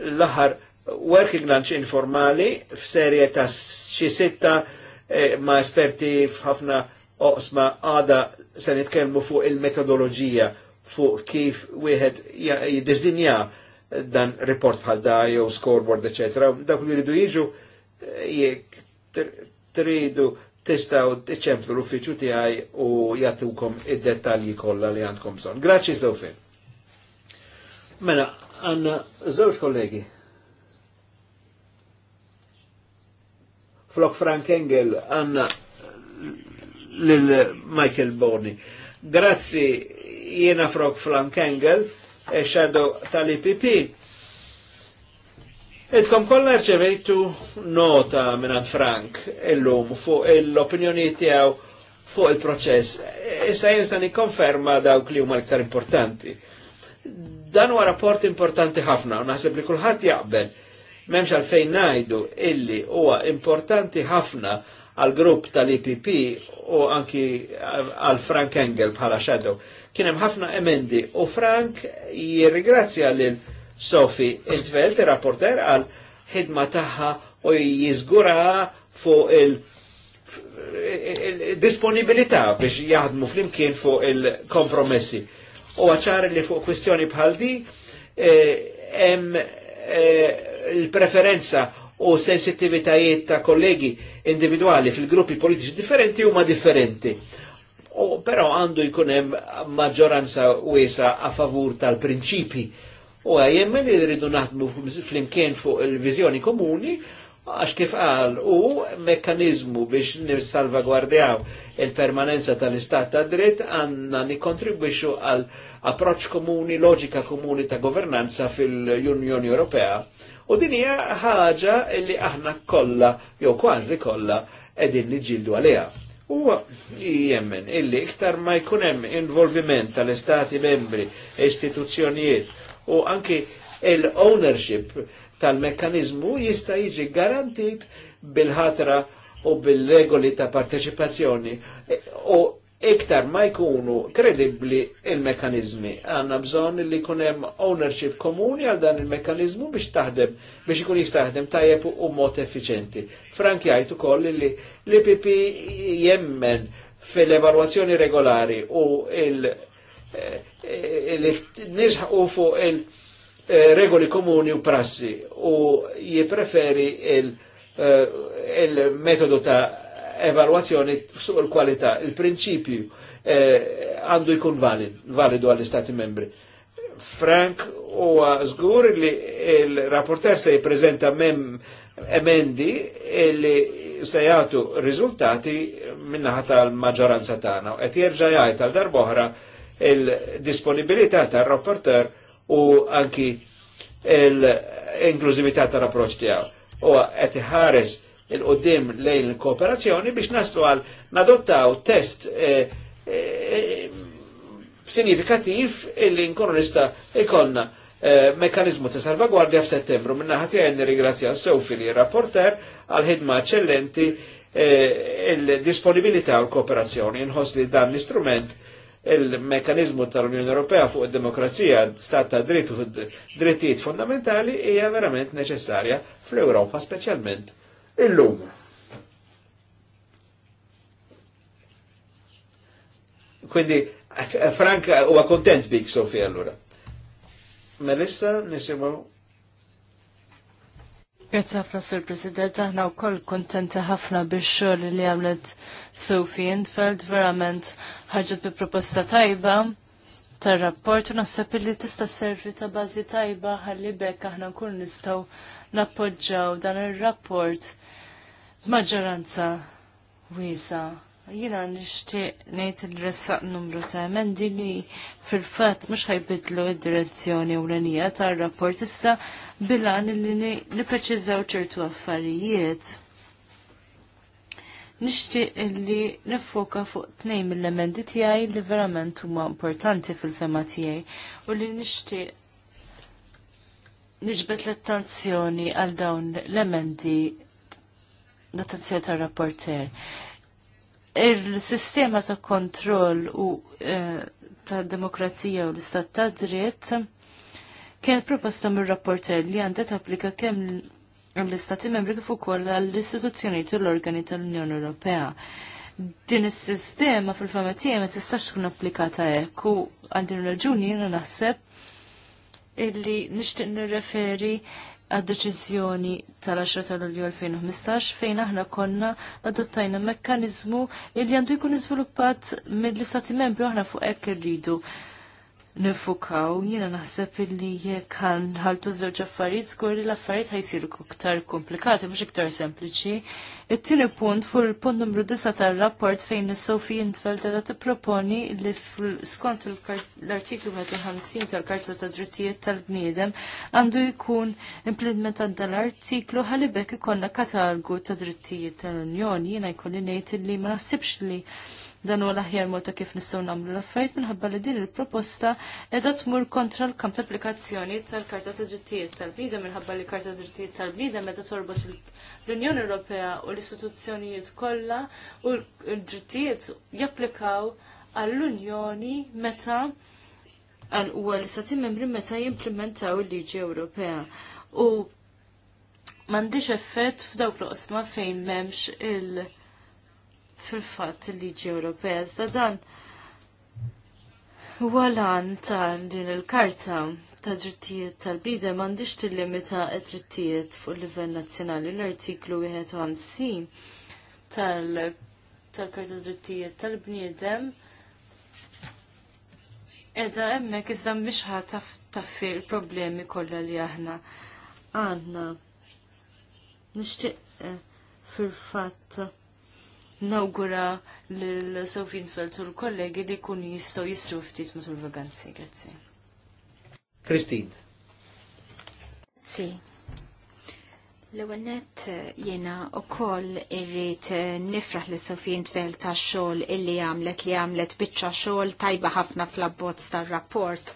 l-aħħar working lunch informali f'serje ta' xi sitta eh, ma' esperti f'ħafna oqsma għada se nitkellmu fuq il-metodoloġija fuq kif wieħed jiddizinja dan report bħal da jew scoreboard eċetera. Dak li rridu jiġu eh, jekk tridu tistaw tiċċemplu l uffiċċju tiegħi u jagħtukom id-dettalji kollha li għandkom bżonn. Grazzi Sofin. Mela, għandna żewġ kollegi flok Frank Engel għanna lil Michael Borny. Grazzi jiena flok Frank Engel, e xaddu tal-IPP. Edkom kolla rċevejtu nota minn Frank illum fuq l-opinjoni tijaw fuq il-proċess. Issa e jinsa nikkonferma dawk li huma l-iktar importanti. Dan huwa rapport importanti ħafna u naħseb li kulħadd jaqbel memx għalfejn najdu illi huwa importanti ħafna għal grupp tal-IPP u anki għal Frank Engel bħala xaddu. Kienem ħafna emendi u Frank jirrigrazzja lil Sofi il rapporter għal ħidma taħħa u jizgura fuq il- disponibilità biex jaħdmu flimkien fuq il-kompromessi. U għacħar li fuq kwestjoni bħal di, hemm eh, eh il-preferenza u sensitivitajiet ta' kollegi individuali fil-gruppi politiċi differenti huma differenti. U però għandu jkun hemm maġġoranza wiesa a favur tal-prinċipi. U għajemmen li rridu naħdmu fl-imkien fuq il vizjoni komuni għax kif għal u mekkanizmu biex nissalvagwardjaw il-permanenza tal-istat ta' dritt għanna nikontribwixu għal approċ komuni, loġika komuni ta' governanza fil-Unjoni Ewropea U din hija ħaġa li aħna kollha jew kważi kollha qegħdin niġildu għaliha. U jemmen illi iktar ma jkun hemm involviment tal-istati membri, istituzzjonijiet u anki l-ownership tal-mekkanizmu jista' jiġi garantit bil-ħatra u bil-regoli ta' parteċipazzjoni e, u iktar ma jkunu kredibli il-mekanizmi. Għanna bżon li kunem ownership komuni għal dan il-mekanizmu biex taħdem, biex ikun jistaħdem tajjeb u mod effiċenti. Frank jgħid koll li l-IPP jemmen fil evaluazzjoni regolari u il-nisħu eh, fu il-regoli eh, komuni u prassi u jipreferi eh, il-metodu ta' evalwazzjoni fuq il-kwalità. Il-prinċipju eh, għandu jkun valid, validu għall-Istati membri. Frank u żgur li il-rapporter se jiprezenta mem emendi li se jagħtu riżultati minnaħa tal maġoranza tagħna. Qed jerġa' jgħid għal darb'oħra il-disponibilità tar-rapporter u anki l-inklużività tal-approċċ tiegħu. U qed iħares il-qoddim lejn il-kooperazzjoni biex naslu għal nadottaw test eh, eh, sinifikativ illi nkunu nista ikonna eh, mekanizmu mekkanizmu ta' salvaguardja f'settembru. Minna ħati għajn nirigrazzja Sofi li rapporter għal ħidma eccellenti il-disponibilità u l-kooperazzjoni. Nħoss li dan l-istrument il-mekanizmu tal-Unjoni Ewropea fuq id-demokrazija, stat ta' drittijiet fondamentali hija verament neċessarja fl-Ewropa speċjalment illum. Quindi eh, eh, Frank eh, huwa kontent bik Sofia allura. Melissa nisimgħu Grazie ħafna Sir President, aħna wkoll kontenti ħafna bix-xogħol li għamlet Sophie Infeld, verament ħarġet bi proposta tajba tar-rapport u naħseb li tista' servi ta' bażi tajba ħalli bekk aħna nkun nistgħu nappoġġaw dan ir-rapport maġġoranza wiesa. Jina nishtiq nejt il-ressaq numru ta' emendi li fil-fat mux ħajbidlu id-direzzjoni u l-enija ta' rapportista bilan li nipreċizzaw ċertu affarijiet. Nishtiq li nifoka fuq tnej mill-emendi tijaj li verament huma importanti fil-fema tijaj u li nishtiq nġbet l-attenzjoni għal dawn l-emendi notazzjoni ta' rapporter Il-sistema ta' kontroll u eh, ta' demokrazija u l-istat ta' dritt kien proposta mir rapporter li għandha tapplika kemm l-istati membri kif ukoll għall-istituzzjoni u l-organi tal-Unjoni Ewropea din is-sistema fil fama tiegħi ma tistax tkun applikata hekk u għal din raġuni jiena naħseb illi nixtieq nirreferi għad-deċizjoni tal-10 ta' Lulju 2015 fejn aħna konna adottajna mekkanizmu li għandu jkun iżviluppat mill-istati membri aħna fuq hekk irridu nifukaw, jiena naħseb illi jekk ħaltu żewġ affarijiet skur li l-affarijiet ħajsiru iktar komplikati mhux iktar sempliċi. It-tieni punt fuq il-punt numru 9 tar-rapport fejn is-Sofi Intfeld qiegħda tipproponi li skont l-artiklu 51 tal-Karta ta' Drittijiet tal-Bniedem għandu jkun implementat dal-artiklu ħalibek ikollna katalgu ta' drittijiet tal-Unjoni jiena jkolli ngħid illi ma naħsibx li dan huwa l-aħjar mod ta' kif nistgħu nagħmlu l-affarijiet minħabba li din il-proposta qiegħda tmur kontra l-kamp ta' applikazzjoni tal-Karta ta' Drittijiet tal-Bniedem minħabba li Karta Drittijiet tal-Bniedem meta sorbos l-Unjoni Ewropea u l-istituzzjonijiet kollha u l-drittijiet japplikaw għall-Unjoni meta huwa u l-istati membri meta jimplementaw il-liġi Ewropea. U m'għandix effett f'dawk l-qosma fejn memx il- fil-fatt il-liġi Ewropea. Iżda dan Walan lan tal din il-karta ta' drittijiet tal bidem għandix tillimita d-drittijiet fuq livell nazzjonali l-artiklu 51 tal-Karta Drittijiet tal-Bniedem edha hemmhekk iżda mhix taffi l-problemi kollha li aħna għandna. Nixtieq eh, fil-fatt nawgura l-Sofin Felt u l-kollegi li kun jistaw jistru ftit matul vaganzi. Grazie. Kristin. Si. L-ewel jena u koll irrit eh, nifraħ li Sofien Tvel ta' xol illi għamlet li għamlet bitċa xol tajba ħafna fl-abbozz tar-rapport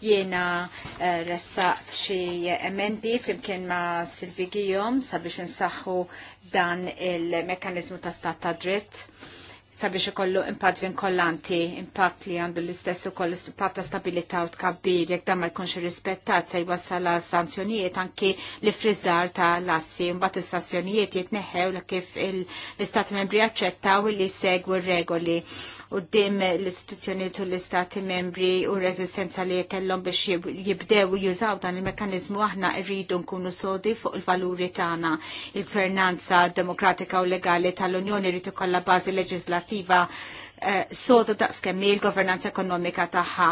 Jiena eh, ressaqt xi emendi flimkien ma' Silvi Gijom sabiex insaħħu dan il-mekanizmu ta' stat ta' dritt sabiex ikollu impatt vinkollanti, impatt li għandu l-istess ukoll impatt ta' stabilità u tkabbir, jekk dan ma jkunx irrispettat se jwassal għal sanzjonijiet anki li frizzar ta' lassi, Imbagħad is-sanzjonijiet jitneħħew la kif l-Istati Membri aċċettaw li segwu r-regoli qudiem l-istituzzjoni u l-istati membri u r li jkellhom biex jibdew jużaw dan il-mekkaniżmu aħna rridu nkunu sodi fuq il-valuri tagħna. Il-gvernanza demokratika u legali tal-Unjoni rritu kolla bażi leġislattiva Eh, sodu daqskem il-governanza ekonomika tagħha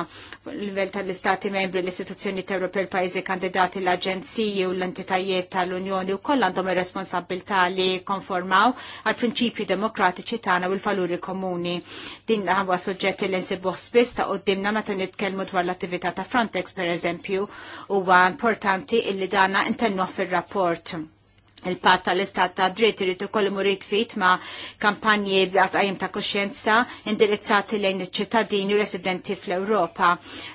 livell tal-istati membri l-istituzzjoni il pajjiżi kandidati l-aġenziji u l-entitajiet tal-Unjoni u koll għandhom ir-responsabilità li konformaw għal prinċipji demokratiċi tagħna u l-valuri komuni. Din huwa suġġetti li nsibuh spiss ta' qudiemna meta nitkellmu dwar l-attività ta' Frontex pereżempju huwa importanti illi dana intennuh fir-rapport il-pat tal-istat ta' dritt irid ukoll imur fit ma' kampanji għatqajjem ta' kuxjenza indirizzati lejn iċ-ċittadini u residenti fl-Ewropa.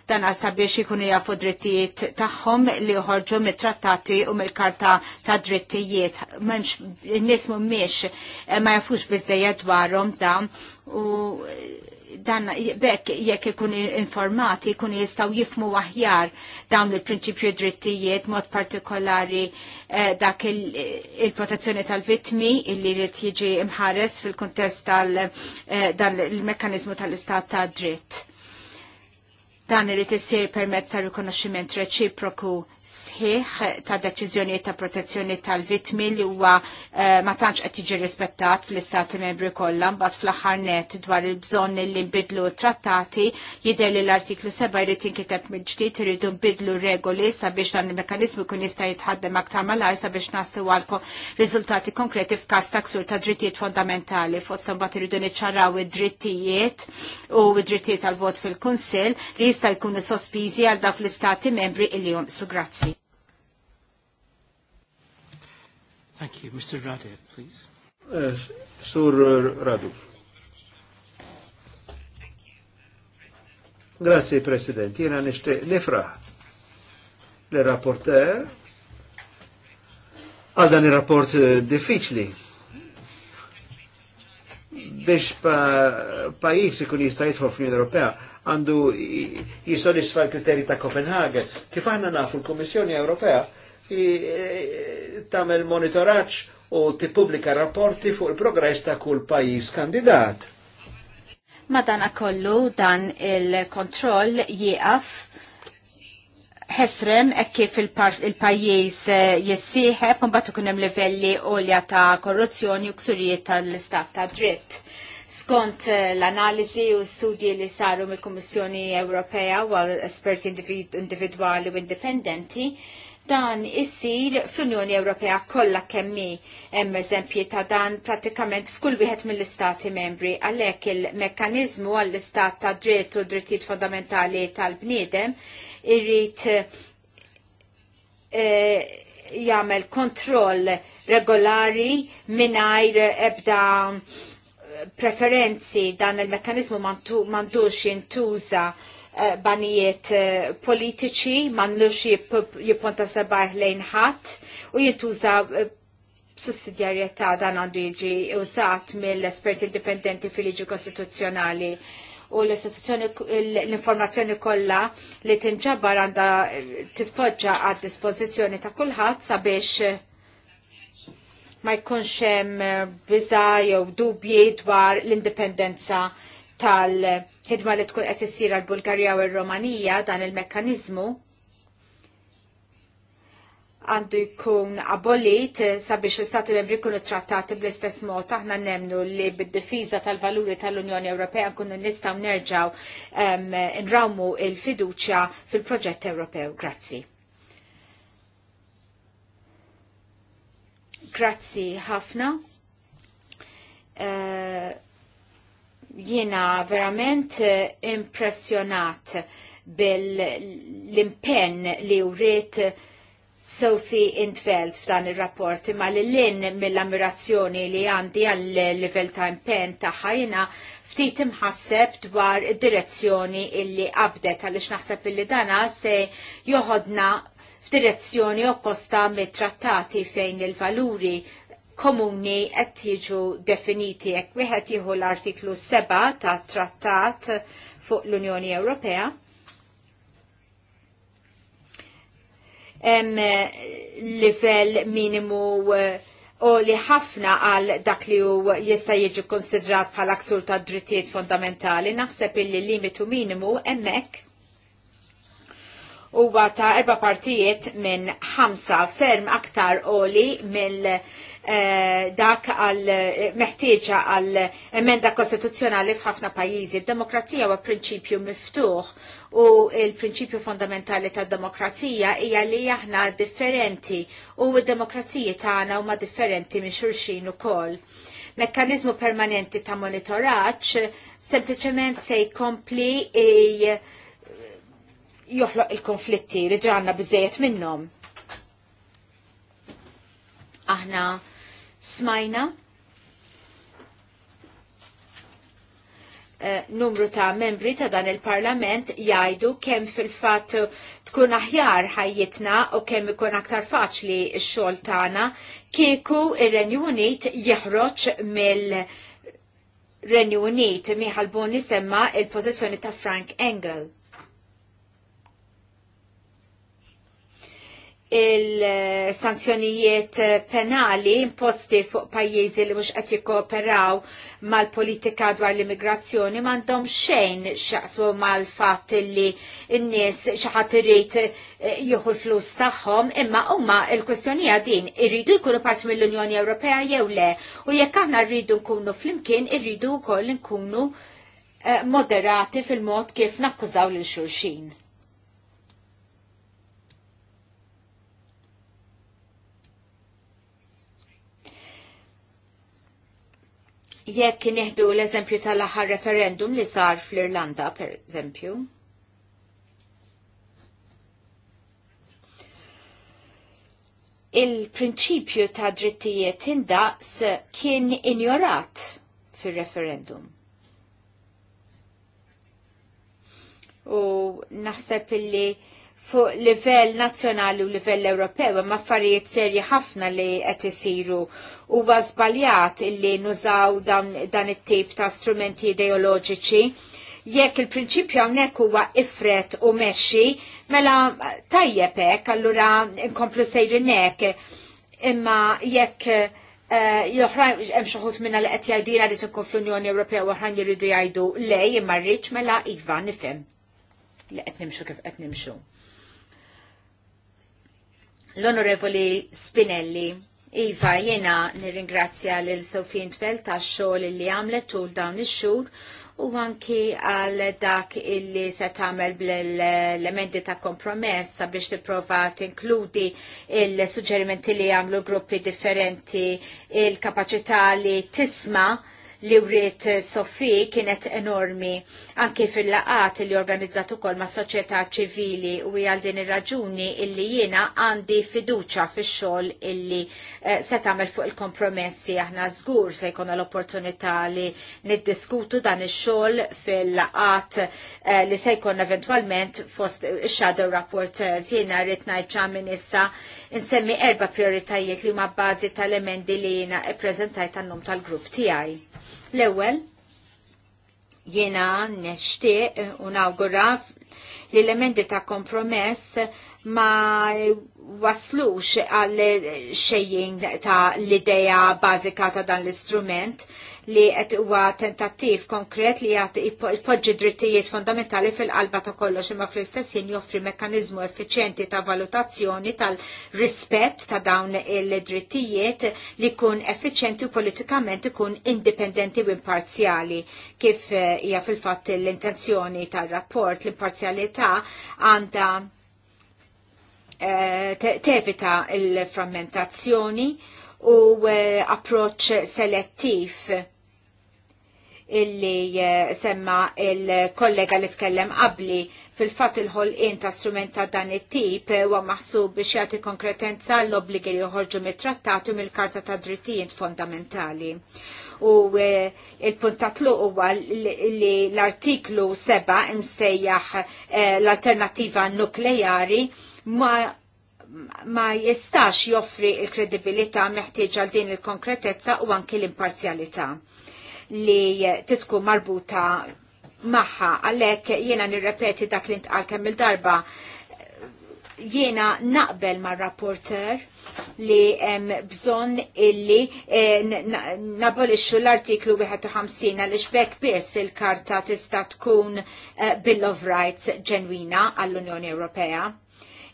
Dan sabiex ikunu jafu drittijiet tagħhom li joħorġu mit-trattati u mill-karta ta' drittijiet. M'hemmx in-nies mhumiex eh, ma jafux biżejjed dwarhom dan u dan bekk jekk ikun informati ikun jistaw jifmu aħjar dawn il-prinċipju drittijiet mod partikolari eh, dak il-protezzjoni il protezzjoni tal vitmi illi rrit jiġi imħares fil-kuntest tal eh, dan il-mekkanizmu tal-istat ta' dritt. Dan irrid jissir permezz ta' rikonoxximent reċiproku sħiħ ta' deċizjoni ta' protezzjoni tal-vitmi li huwa eh, ma tantx qed jiġi rispettat fl-istati membri kollha mbagħad fl-aħħar net dwar il-bżonn li nbidlu trattati jidher li l-artiklu 7 jrid jinkiteb mill-ġdid iridu nbidlu regoli sabiex dan il-mekkaniżmu jkun jista' jitħaddem aktar malajr sabiex naslu għalko riżultati konkreti f'każ ta' ksur ta' drittijiet fondamentali fostom mbagħad iridu niċċaraw id-drittijiet u id-drittijiet tal-vot fil-Kunsill li jista' jkunu sospiżi għal dawk l-istati membri il-jum. So grazzi. Thank you. Mr. Radev, please. Uh, Sur eh, Radu. Grazie, President. Jena nishtiq nifraħ l-rapporter għal dan il-rapport eh, diffiċli biex pa, pajis ikun jista' jidħol fl-Unjoni Ewropea għandu jisodisfa l-kriteri ta' Kopenhagen. Kif aħna nafu l-Kummissjoni Ewropea E, tamel monitoraċ u tippubblika rapporti fuq il-progress ta' kull pajis kandidat. Madana kollu dan il-kontroll jieqaf ħesrem ek kif il-pajjiż e, jissieħeb mbagħad ikun hemm livelli għolja ta' korruzzjoni u ksurijiet tal-istat ta' dritt. Skont e, l-analiżi u studji li saru mill-Kummissjoni Ewropea u esperti individwali u indipendenti, dan issir fl-Unjoni Ewropea kollha kemmi hemm eżempji ta' dan pratikament f'kull wieħed mill-istati membri għalhekk il-mekkaniżmu għall-istat ta' dritt u drittijiet fondamentali tal-bniedem irrid eh, jagħmel kontroll regolari mingħajr ebda preferenzi dan il-mekkaniżmu mandux jintuża Eh, banijiet eh, politiċi, lux jipponta sabaħ lejn ħadd u jintuża eh, sussidjarjetà dan għandu jiġi użat mill-esperti indipendenti fil-liġi kostituzzjonali u l-informazzjoni kollha li tinġabar għandha titpoġġa għad dispożizzjoni ta' kulħadd sabiex ma jkunx hemm biża jew dubji dwar l-indipendenza tal- ħidma li tkun qed issir għall bulgarija u r-Romanija dan il-mekkaniżmu għandu jkun abolit sabiex l-Stati membri jkunu trattati bl-istess mod aħna nemnu li bid-difiża tal-valuri tal-Unjoni Ewropea nkunu nistgħu nerġgħu nrawmu il-fiduċja fil-proġett Ewropew. Grazzi. Grazzi ħafna. Uh, Jiena verament eh, impressjonat bil-impenn li uriet Sophie Intveld f'dan il-rapport imma li l-in mill-ammirazzjoni li għandi għall-level ta' impenn ta' ħajna ftit imħasseb dwar direzzjoni illi qabdet għalix naħseb illi dana se joħodna f'direzzjoni opposta mit-trattati fejn il-valuri komuni qed jiġu definiti hekk wieħed jieħu l-artiklu 7 ta' trattat fuq l-Unjoni Ewropea. Hemm eh, livell minimu u eh, li ħafna għal dak li hu jista' jiġi konsidrat bħala ksur ta' drittijiet fondamentali naħseb illi limitu minimu hemmhekk huwa ta' erba' partijiet minn ħamsa ferm aktar oli mill eh, dak għal eh, meħtieġa għal emenda kostituzzjonali f'ħafna pajjiżi. Id-demokrazija huwa prinċipju miftuħ u il-prinċipju fondamentali tad demokrazija hija li aħna differenti u d-demokrazija tagħna huma differenti minn xulxin ukoll mekkanizmu permanenti ta' monitoraċ sempliciment se jkompli joħloq il-konflitti li ġanna bizzejet minnom. Aħna smajna eh, numru ta' membri ta' dan il-parlament jajdu kemm fil-fat tkun aħjar ħajjitna u kemm ikun aktar faċli x-xogħol tagħna kieku il renju Unit jeħroġ mill Renju Unit miħalbun semma il-pożizzjoni ta' Frank Engel. il-sanzjonijiet penali imposti fuq pajjiżi li mhux qed jikkooperaw mal-politika dwar l-immigrazzjoni m'għandhom xejn x'jaqsmu mal-fatt li n-nies xi ħadd irid eh, jieħu l-flus tagħhom, imma huma l-kwestjonija din irridu jkunu parti mill-Unjoni Ewropea jew le u jekk aħna rridu nkunu flimkien irridu wkoll nkunu eh, moderati fil-mod kif nakkużaw lil xulxin. jekk nieħdu l-eżempju tal-aħħar referendum li sar fl-Irlanda, per eżempju. Il-prinċipju ta' drittijiet indaqs kien injorat fil-referendum. U naħseb illi fuq livell nazzjonali u livell Ewropew ma affarijiet serji ħafna li qed isiru u żbaljat illi nużaw dan, dan it-tip ta' strumenti ideoloġiċi. Jekk il-prinċipju hawnhekk huwa ifret u mexxi, mela tajjeb hekk, allura nkomplu sejri nek Imma jekk l-oħrajn eh, hemm xi ħut minna li qed jgħidina rid ikun fl-Unjoni Ewropea u oħrajn jridu jgħidu lej imma rridx mela iva nifhem li qed nimxu kif qed nimxu. L-Onorevoli Spinelli, Iva, jena nirringrazzja lil Sofint Felt ta' xogħol li għamlet tul dawn ix-xhur u anki għal dak illi se tagħmel bl-elementi ta' kompromess sabiex tipprova tinkludi il-suġġerimenti li għamlu gruppi differenti, il-kapaċità li tisma' li wriet eh, Sofi kienet enormi anke fil-laqat li organizzat ukoll ma' soċjetà ċivili u għal din ir-raġuni illi jiena għandi fiduċa fix-xogħol illi eh, se tagħmel fuq il-kompromessi aħna żgur se jkun l-opportunità li niddiskutu dan ix-xogħol fil-laqat eh, li se jkun eventwalment fost shadow rapporteurs jiena rrid ngħid ċamin issa insemmi erba prioritajiet li huma bbażi tal-emendi li jiena ppreżentajt għannum tal-grupp tiegħi. L-ewwel jiena nextieq u nawgura l-elementi ta' kompromess ma waslux għal xejjin ta' l-ideja bażika ta' dan l-istrument li qed huwa tentattiv konkret li għat jpoġġi drittijiet fondamentali fil-qalba ta' kollox imma fl-istess jien joffri mekkaniżmu effiċjenti ta' valutazzjoni tal-rispett ta' dawn il-drittijiet li jkun effiċjenti u politikament ikun indipendenti u imparzjali kif eh, hija fil-fatt l-intenzjoni tar-rapport l-imparzjalità għandha Eh, tevita il-frammentazzjoni u eh, approċ selettiv illi eh, semma il-kollega li tkellem qabli fil-fat il-ħolqin ta' strument ta' dan it-tip huwa maħsub biex jagħti konkretenza l-obbligi li joħorġu mit-trattat u mill-Karta ta' Drittijiet Fondamentali. U il-punt ta' tluq huwa li l-artiklu 7 imsejjaħ l-alternattiva nukleari ma ma jistax joffri il-kredibilità meħtieġ għal din il-konkretezza u anki l-imparzjalità li titku marbuta maħħa għalek jiena nirrepeti dak li ntqal kemm il-darba jiena naqbel ma' rapporter li hemm bżonn illi eh, nabolixxu l-artiklu 51 għal xbek biss il-karta tista' tkun eh, Bill of Rights ġenwina għall-Unjoni Ewropea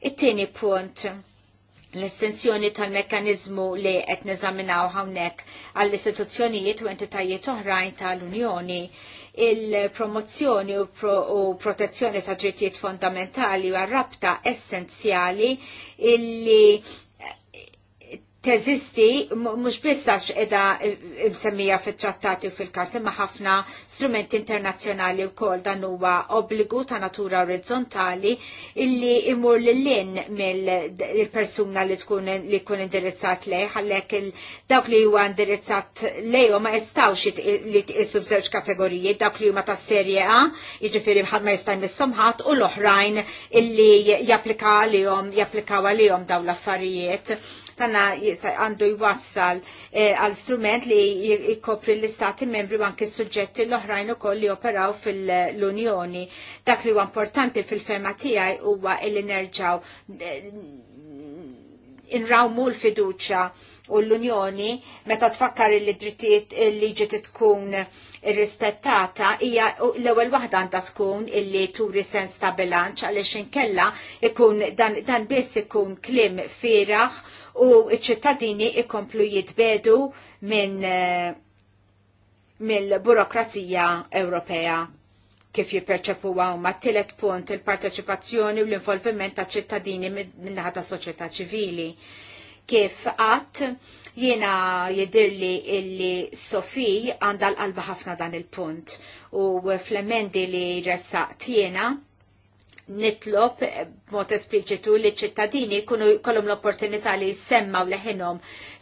It-tieni punt l-estensjoni tal-mekkanizmu li qed neżaminaw hawnhekk għall-istituzzjonijiet u entitajiet oħrajn tal-Unjoni il-promozzjoni u, pro u protezzjoni ta' drittijiet fondamentali u rabta essenzjali illi teżisti mhux biss edha qiegħda msemmija fit-trattati u fil-karti ma' ħafna strumenti internazzjonali wkoll dan huwa obbligu ta' natura orizzontali illi imur lil-lin mill-persuna li tkun li tkun indirizzat lej għalhekk dawk li huwa indirizzat u ma jistawx li tqisu f'żewġ kategoriji dawk li huma tas-serje A, jiġifieri ħadd ma mis-somħat u l-oħrajn illi japplika għalihom japplikaw għalihom dawn l-affarijiet tana għandu jwassal eh, għal strument li jkopri l-istati membri anke s-suġġetti l-oħrajn u koll li operaw fil-Unjoni. Dak li huwa importanti fil-fema tiegħi huwa li nerġaw eh, inrawmu l-fiduċa u l-Unjoni meta tfakkar li drittijiet il-liġi tkun irrispettata hija l-ewwel waħda għandha tkun illi turi sens ta' bilanċ għaliex inkella ikun dan, dan biss ikun klim fieraħ u ċ-ċittadini ikomplu jitbedu minn eh, mill-burokrazija Ewropea kif jipperċepu għaw ma tillet punt il-parteċipazzjoni u l-involviment ta' ċittadini minnaħa ta' soċjetà ċivili. Kif għat jiena jidirli illi Sofi għandha l-qalba ħafna dan il-punt u fl-emendi li ressaqt jiena nitlob b'mod espliċitu li ċittadini kunu kolum l-opportunità li jsemmaw leħinhom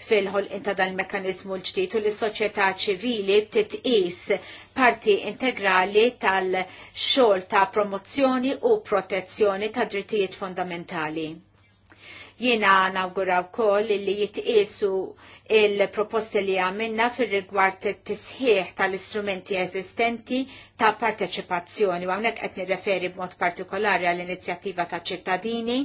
fil ħol ta' dan mekanizmu l ġdijt u li soċieta soċjetà ċivili titqis parti integrali tal-xogħol ta' promozzjoni u protezzjoni ta' drittijiet fondamentali. Jiena nawguraw kol li jitqisu il-proposti li għamilna fil rigward t-tisħiħ tal-istrumenti eżistenti ta' parteċipazzjoni u għetni referi nirreferi b'mod partikolari għall-inizjattiva ta' ċittadini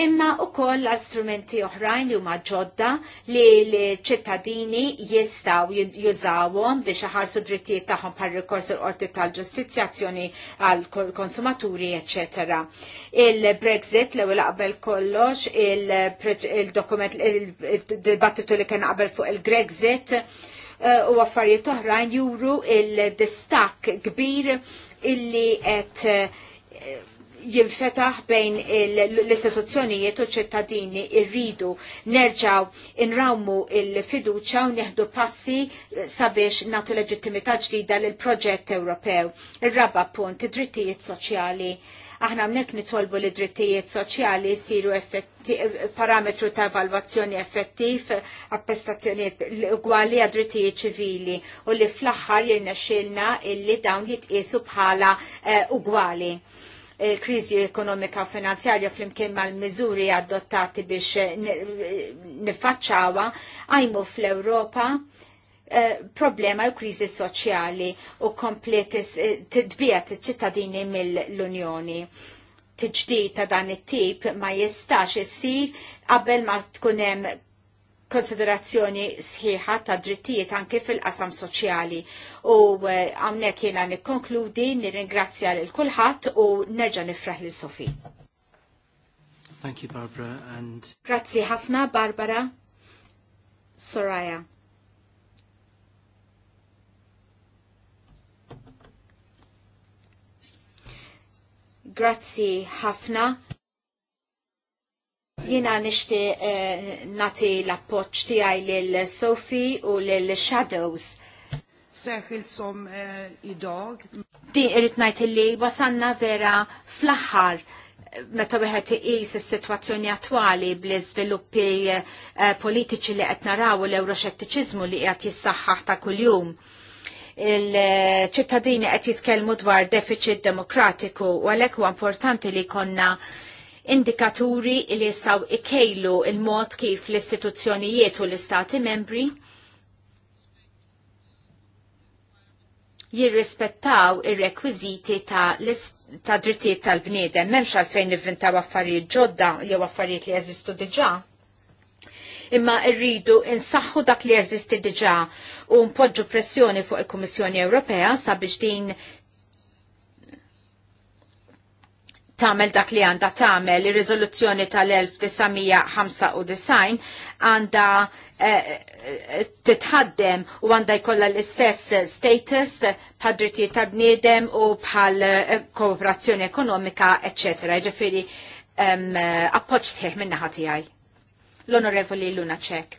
imma u koll strumenti oħrajn li huma ġodda li l-ċittadini jistaw jużawhom biex iħarsu drittijiet tagħhom par rikors l qorti tal ġustizzjazzjoni għal għall konsumaturi ecc. Il-Brexit l ewwel qabel kollox il-dokument il-dibattitu li kien qabel fuq il-Grexit eh, u affarijiet oħrajn juru il-distak kbir illi qed eh, jinfetaħ bejn l-istituzzjonijiet u ċittadini irridu nerġaw inrawmu il-fiduċa u neħdu passi sabiex natu leġittimità ġdida l proġett Ewropew. Il-raba punt, id-drittijiet soċjali. Aħna mnek nitolbu li drittijiet soċjali siru parametru ta' evalwazzjoni effettiv appestazzjoniet ugwali għad drittijiet ċivili u li fl-axħar jirnexxilna illi dawn jitqisu bħala eh, ugwali. Uh, il-kriżi ekonomika u finanzjarja flimkien mal-miżuri adottati biex nifacċawa għajmu fl-Ewropa eh, problema u kriżi soċjali u komplet tdbiet ċittadini mill-Unjoni t ta' dan it-tip ma jistax issir qabel ma tkun hemm konsiderazzjoni sħiħa ta' drittijiet anke fil-qasam soċjali. U għamnek eh, jena nikkonkludi, nirringrazzja l kulħadd u nerġa' nifraħ lil Sofi. Thank you, Barbara. And... Grazzi ħafna, Barbara. Soraya. Grazzi ħafna Jina nishti eh, nati l-appoċ tijaj lil-Sofi u l shadows Särskilt som eh, id-dog. Di irrit najt li wasanna vera fl-axar meta wieħed iqis is-sitwazzjoni attwali bl-iżviluppi eh, politiċi li qed naraw l-euroxettiċiżmu li qed jissaħħaħ ta' kuljum. Il-ċittadini qed jitkellmu dwar deficit demokratiku u għalhekk huwa importanti li konna indikaturi li jissaw ikejlu il-mod kif l-istituzzjonijiet u l-istati membri jirrispettaw ir-rekwiżiti ta' ta' drittijiet tal-bniedem, memx għalfejn nivvintaw affarijiet ġodda jew affarijiet li jeżistu diġà. Imma rridu insaħħu dak li jeżisti diġà u npoġġu pressjoni fuq il-Kummissjoni Ewropea sabiex din tagħmel dak li għandha tagħmel ir-riżoluzzjoni tal-1995 għandha eh, eh, titħaddem u għandha jkollha l-istess status bħal drittijiet tal-bniedem u bħal eh, kooperazzjoni ekonomika, etc. Ġifieri appoġġ sħiħ min-naħa tiegħi. L-Onorevoli Luna Ċek.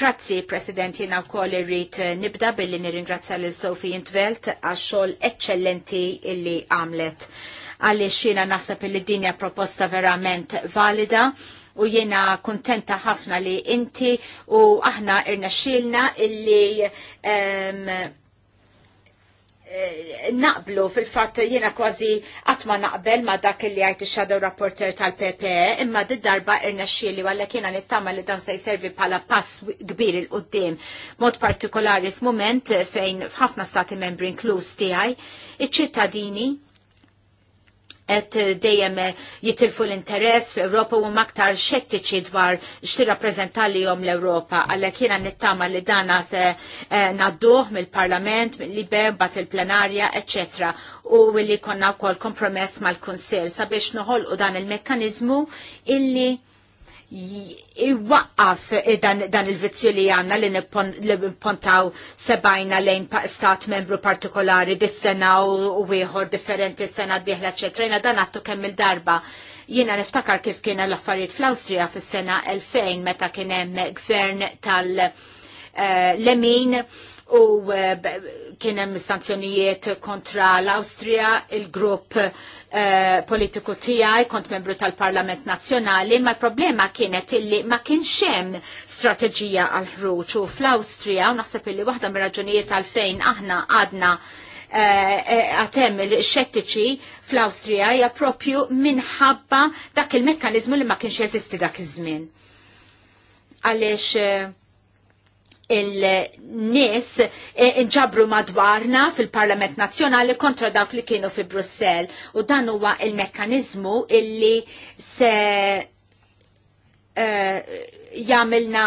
Grazzi, President, jena u koll irrit nibda billi nirringrazzja l sofi Intvelt għax xogħol eccellenti illi għamlet għaliex jiena naħseb li dinja proposta verament valida u jiena kontenta ħafna li inti u aħna xilna illi um, naqblu fil-fat jiena kważi għatma naqbel ma dak li għajt il-shadow rapporter tal-PPE imma darba irna xieli għalla kiena nittama li dan se pala pass kbir il-qoddim mod partikolari f-moment fejn f'ħafna stati membri inkluż tiegħi iċ-ċittadini qed dejjem jitilfu l-interess fl-Ewropa u maktar xettiċi dwar x'tirrappreżenta lihom l-Ewropa. Għalhekk jiena nittama li dana se eh, nadduħ mill-Parlament, mill-Libe, bat il-plenarja, etc. U li konna wkoll kompromess mal-Kunsill sabiex noħolqu dan il mekkanizmu illi iwaqqaf eh, dan, il-vizzju li għanna li nippontaw sebajna lejn stat membru partikolari dis-sena u wieħor differenti s sena diħla ċetrejna dan għattu kemm il-darba. Jiena niftakar kif kiena l-affarijiet fl-Awstrija fis-sena 2000 meta kien hemm gvern tal-Lemin eh, u eh, kienem sanzjonijiet kontra l-Austria, il-grupp eh, politiku tijaj, kont membru tal-Parlament Nazjonali, ma problema kienet illi ma kienxem strategija għal-ħruċ u fl-Austria, u naħseb illi wahda mir-raġunijiet għalfejn aħna għadna eh, eh, għatem il-xettiċi fl-Austria hija propju minħabba dak il-mekkanizmu li ma kienx jeżisti dak iż-żmien. Għaliex il-nis e, inġabru madwarna fil-Parlament Nazzjonali kontra dawk li kienu fi Brussel. U dan huwa il-mekkanizmu illi se uh, e, jamilna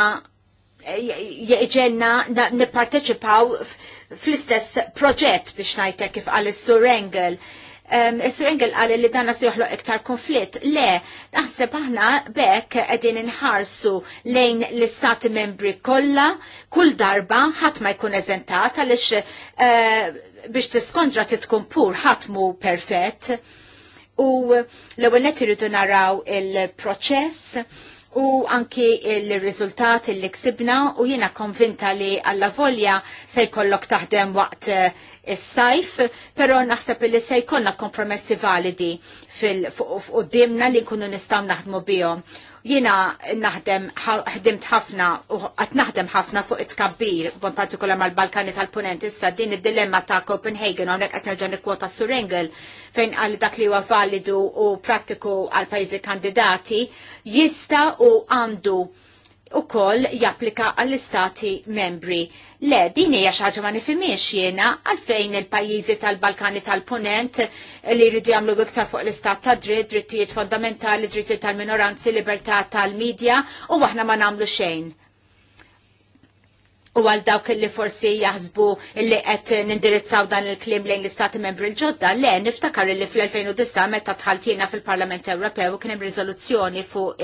e, jieġenna nipparteċipaw fl-istess proġett biex najtek kif għal-Surengel. Uh, Sir Engel għal li dan se joħloq iktar konflitt. Le, naħseb aħna bekk qegħdin inħarsu lejn l-istati membri kollha kull darba ħadd ma jkun eżentat għaliex eh, biex t tkun pur ħatmu perfett. U l-ewwel irridu naraw il-proċess u anki il-rizultat li ksibna u jiena konvinta li għalla volja se jkollok taħdem waqt eh, is-sajf, pero naħseb li se jkollna kompromessi validi fil-qoddimna li nkunu nistaw naħdmu bihom. Jiena naħdem ħdimt ħafna u qed naħdem ħafna fuq it-kabbir, bon partikolar mal-Balkani tal-Punent issa din id-dilemma ta' Copenhagen hawnhekk qed nerġa' nikkwota Sur Engel fejn qal dak li huwa validu u prattiku għal pajjiżi kandidati jista' u għandu u koll japplika għall-istati membri. Le, din hija xaġa ma nifimiex jena għalfejn il-pajjiżi tal-Balkani tal-Punent li jridu jagħmlu iktar fuq l-istat ta' dritt, drittijiet fondamentali, drittijiet tal-minoranzi, libertà tal-medja u aħna ma nagħmlu xejn u għal dawk li forsi jaħsbu li qed nindirizzaw dan il-klim lejn l-Istati Membri l-ġodda, le niftakar li fl-2009 meta tħaltina fil-Parlament Ewropew kien hemm riżoluzzjoni fuq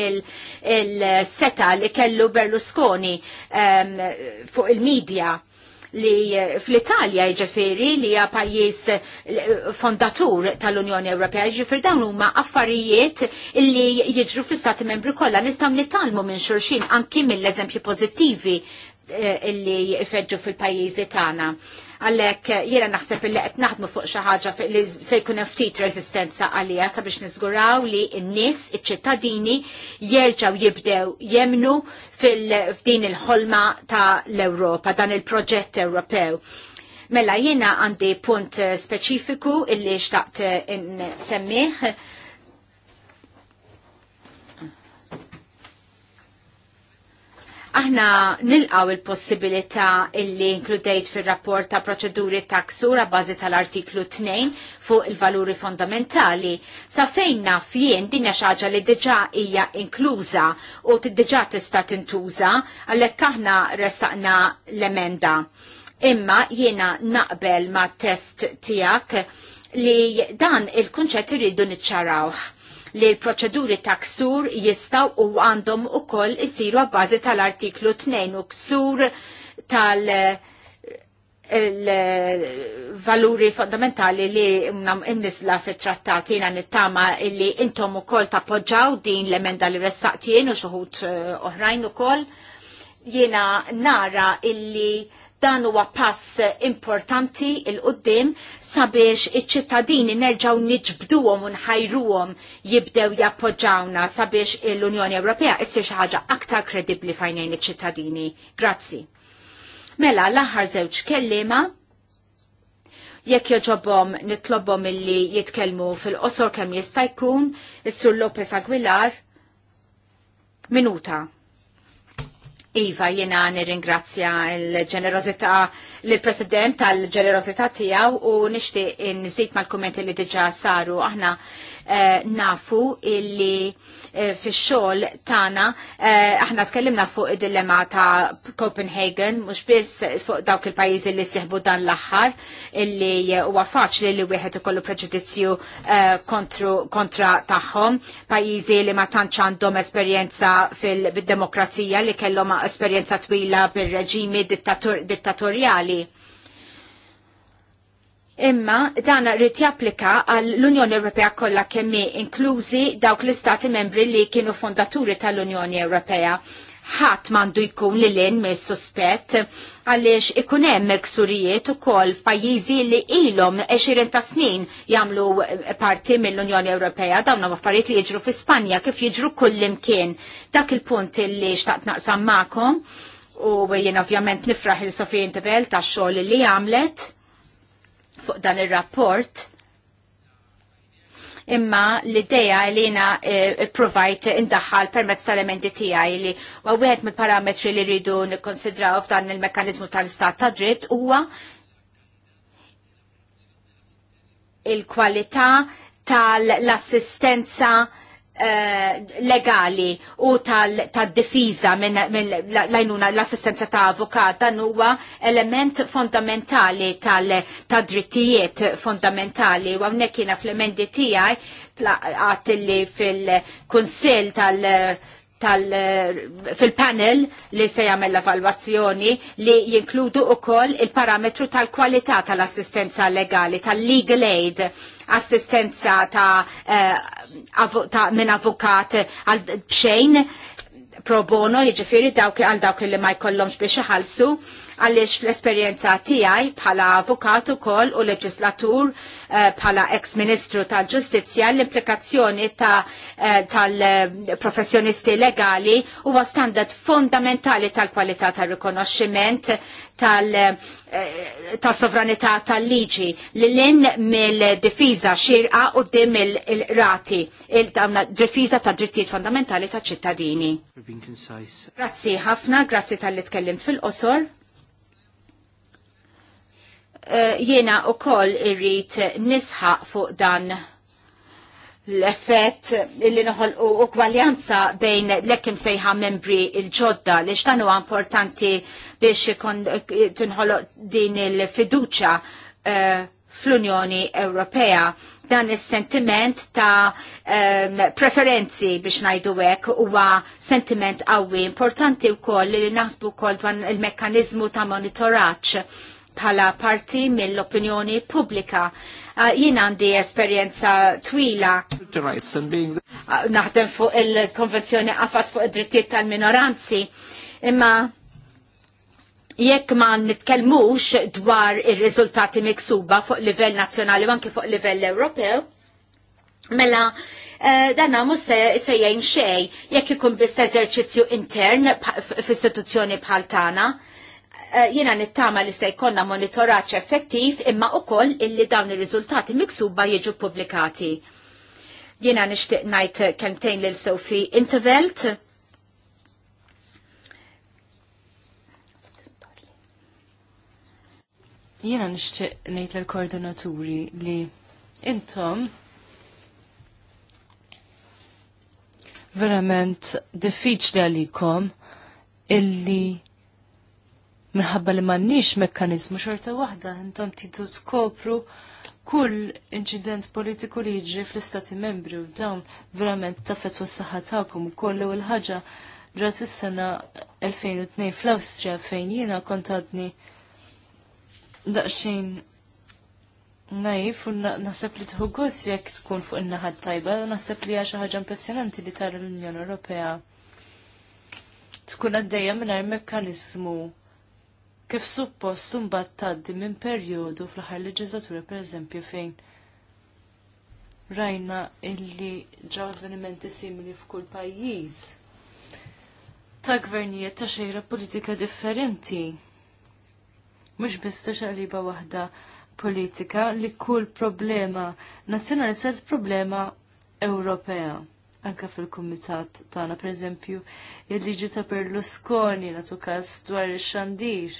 il-seta li kellu Berlusconi ehm, fuq il-medja li fl-Italja ġifiri li hija pajjiż eh, fondatur tal-Unjoni Ewropea ġifiri dawn huma affarijiet li jiġru fl-Stati Membri kollha nistgħu nitalmu minn xulxin anki mill-eżempji pożittivi Eh, illi ifeġġu fil-pajjiżi tagħna. Għalhekk eh, jiena naħseb illi qed naħdmu fuq xi ħaġa li se jkun hemm ftit resistenza għalija sabiex niżguraw li n-nies, iċ-ċittadini jerġgħu jibdew jemnu fil-fdin il-ħolma ta' l-Ewropa, dan il-proġett Ewropew. Mela jiena għandi punt eh, speċifiku illi xtaqt n-semmiħ Aħna nilqaw il-possibilità illi inkludejt fil-rapport ta' proċeduri ta' ksura bazi tal-artiklu 2 fuq il-valuri fondamentali. Sa' fejna naf jien din xaġa li diġa hija inkluża u diġa tista' tintuża għalhekk aħna ressaqna l-emenda. Imma jiena naqbel ma' test tiegħek li dan il-kunċett iridu niċċarawh li l-proċeduri ta' ksur jistaw u għandhom u koll isiru għabbazi tal-artiklu 2 u ksur tal- il-valuri fondamentali li imnisla fit trattati jina nittama li intom u kol tappoġġaw din l-emenda li ressaqtien u xuħut eh, oħrajn u kol jina nara illi Dan huwa pass importanti il-qoddim sabiex iċ-ċittadini nerġaw niġbduhom u nħajruhom jibdew jappoġġawna sabiex l-Unjoni Ewropea issir xi ħaġa aktar kredibbli fajnejn iċ-ċittadini. Grazzi. Mela l-aħħar żewġ kellima jekk joġobhom nitlobhom illi jitkellmu fil-qosor kemm jista' jkun, is-Sur Lopez Aguilar, minuta. Iva, jena nir-ingrazzja l-ġenerozita l-President tal-ġenerozita tijaw u nishti nżid mal-kommenti li diġa saru. Aħna uh, nafu illi uh, eh, fi xol tana uh, eh, aħna tkellimna fuq id-dilemma ta' Copenhagen mux biss fuq dawk il-pajizi li siħbu dan l-axħar illi huwa faċli li wieħed ikollu preġudizzju kontra tagħhom pajizi li ma tantx għandhom esperjenza fil-demokrazija li kellhom esperjenza twila bir-reġimi dittatorjali Imma dan rrit japplika għall-Unjoni Ewropea kollha kemm inklużi dawk l-istati membri li kienu fondaturi tal-Unjoni Ewropea. Ħadd m'għandu jkun li lin mis suspett għaliex ikun hemm ksurijiet ukoll f'pajjiżi li ilhom 20 ta' snin jagħmlu eh, parti mill-Unjoni Ewropea dawn huma affarijiet li jiġru fi Spanja kif jiġru kullimkien. Dak il-punt li xtaqt naqsam magħkom u jien ovvjament nifraħ il-Sofija Intevel tax xogħol li għamlet fuq dan il-rapport imma l-ideja li jina eh, provajt indaħħal permezz tal-elementi tijaj li u għed mill-parametri li rridu nikonsidraw f'dan il-mekanizmu tal-istat ta' dritt huwa il-kwalità tal-assistenza Eh, legali u tal-difiża lajnuna l-assistenza ta' avukat dan huwa element fondamentali tal-drittijiet fondamentali u hawnhekk jiena fl-emendi tiegħi tlaqat li fil-Kunsill tal- fil-panel li se jagħmel l-evalwazzjoni li jinkludu ukoll il-parametru tal-kwalità tal-assistenza legali, tal-legal aid, assistenza ta', uh, ta minn avukat għal bxejn pro bono, jiġifieri dawk għal dawk li ma jkollhomx biex iħallsu għaliex fl-esperjenza tiegħi bħala avukat ukoll u leġislatur eh, bħala ex-ministru tal-ġustizzja l-implikazzjoni eh, tal-professjonisti legali huwa standard fundamentali tal-kwalità tal-rikonoxximent tal-sovranità eh, tal-liġi li l-in mill-difiża xirqa u dim il-rati, il-difiża ta' drittijiet fondamentali ta' ċittadini. Grazzi ħafna, grazzi tal-li tkellim fil-qosor. Eh, jiena u koll irrit nisħaq fuq dan l-effett li noħol u ukwaljanza bejn l-ekkim sejħa membri il-ġodda li xtanu importanti biex tinħol din il-fiduċa eh, fl-Unjoni Ewropea dan is sentiment ta' um, preferenzi biex najdu hekk huwa sentiment qawwi importanti wkoll li naħsbu wkoll il-mekkaniżmu ta' monitoraġġ bħala parti mill-opinjoni pubblika. Uh, jien għandi esperjenza twila. Uh, naħdem fuq il-konvenzjoni għafas fuq id-drittijiet tal-minoranzi. Imma jekk ma nitkellmux dwar ir-riżultati miksuba fuq livell nazzjonali u anke fuq livell Ewropew, mela eh, danna se jgħin xejn jekk ikun biss eżerċizzju intern f'istituzzjoni bħal tagħna. Eh, jiena nittama li se jkollna monitoraġġ effettiv imma koll illi dawn ir-riżultati miksuba jiġu publikati. Jiena nixtieq ngħid kemtejn lil Sofi Intervelt. Jiena nixtieq ngħid lill-koordinaturi li intom verament diffiċli għalikom illi minħabba li m'għandniex mekkaniżmu xorta waħda intom tidu tkopru kull inċident politiku li jiġri fl-istati membri u dawn verament tafet u s-saħħa tagħkom ukoll l ħaġa drat is-sena 2002 fl-Awstrija fejn jiena kontadni daqxin daqsxejn u naħseb li tħugus jekk tkun fuq in-naħad tajba, u naħseb li għaxa ħaġa impressionanti li tara l-Unjoni Ewropea tkun għaddejja mingħajr mekkaniżmu kif suppost mbagħad tgħaddi minn perjodu fl-aħħar leġislatura pereżempju fejn rajna illi ġew avvenimenti simili f'kull pajjiż. Ta' gvernijiet ta' xejra politika differenti. Mhux biss ta' xaliba waħda politika li kull problema nazzjonali sed problema Ewropea. Anka fil-kumitat tagħna pereżempju il-liġi ta' Berlusconi natu każ dwar ix-xandir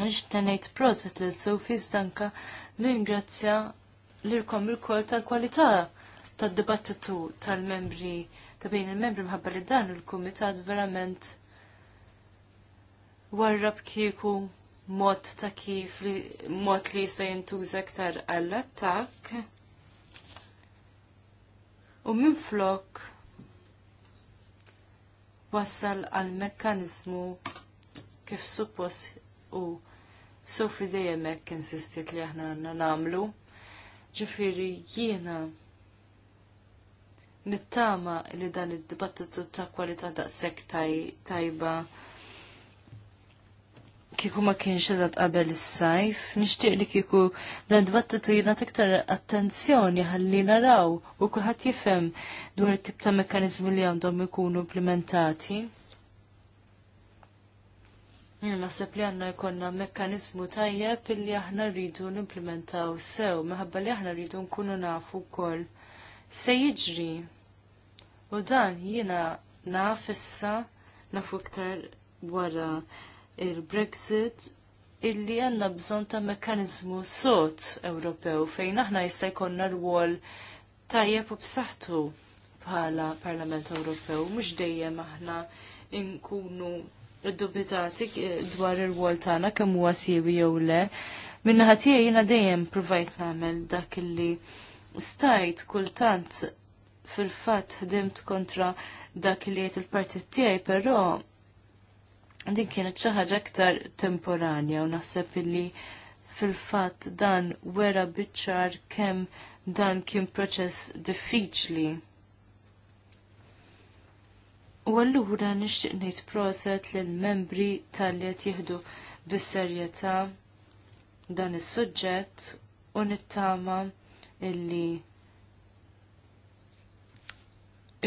Nishtenajt proset l-Sofis danka l-ingrazzja l-irkom il-kol tal-kwalità tad-dibattitu tal-membri ta' bejn il-membri mħabba li dan il-kumitat verament warrab kieku mod ta' kif li mod li jista' jintuża aktar għall-attakk. U minn flok wassal għal mekkanizmu kif suppos u Sofi dejjem hekk insistit li aħna għandna nagħmlu. Ġifieri jiena nittama li dan id-dibattitu ta' kwalità daqshekk tajba kieku ma kienx eżat qabel is-sajf, nixtieq li kieku dan dibattitu jiena tiktar attenzjoni ħalli naraw u kulħadd jifhem dwar it-tip ta' mekkaniżmi li għandhom ikunu implementati. Jena naħseb li għanna jkonna mekkanizmu tajjeb illi aħna rridu n-implementaw sew, meħabba li aħna rridu nkunu nafu kol se jiġri. U dan jina naf issa nafu iktar wara il-Brexit illi għanna bżon ta' mekkanizmu sot Ewropew fejn aħna jista' jkollna rwol tajjeb u b'saħħtu bħala Parlament Ewropew, mhux dejjem aħna nkunu id-dubitati dwar ir-wol tagħna kemm huwa siewi jew le. Minnaħa tiegħi jiena dejjem provajt nagħmel dak illi stajt kultant fil-fatt ħdimt kontra dak li jgħid il-partit tiegħi, però din kienet xi ħaġa aktar temporanja u naħseb illi fil-fatt dan wera biċċar kemm dan kien proċess diffiċli. U allura nixtieq ngħid proset lill membri tal qed jieħdu bis-serjetà dan is-suġġett u nittama illi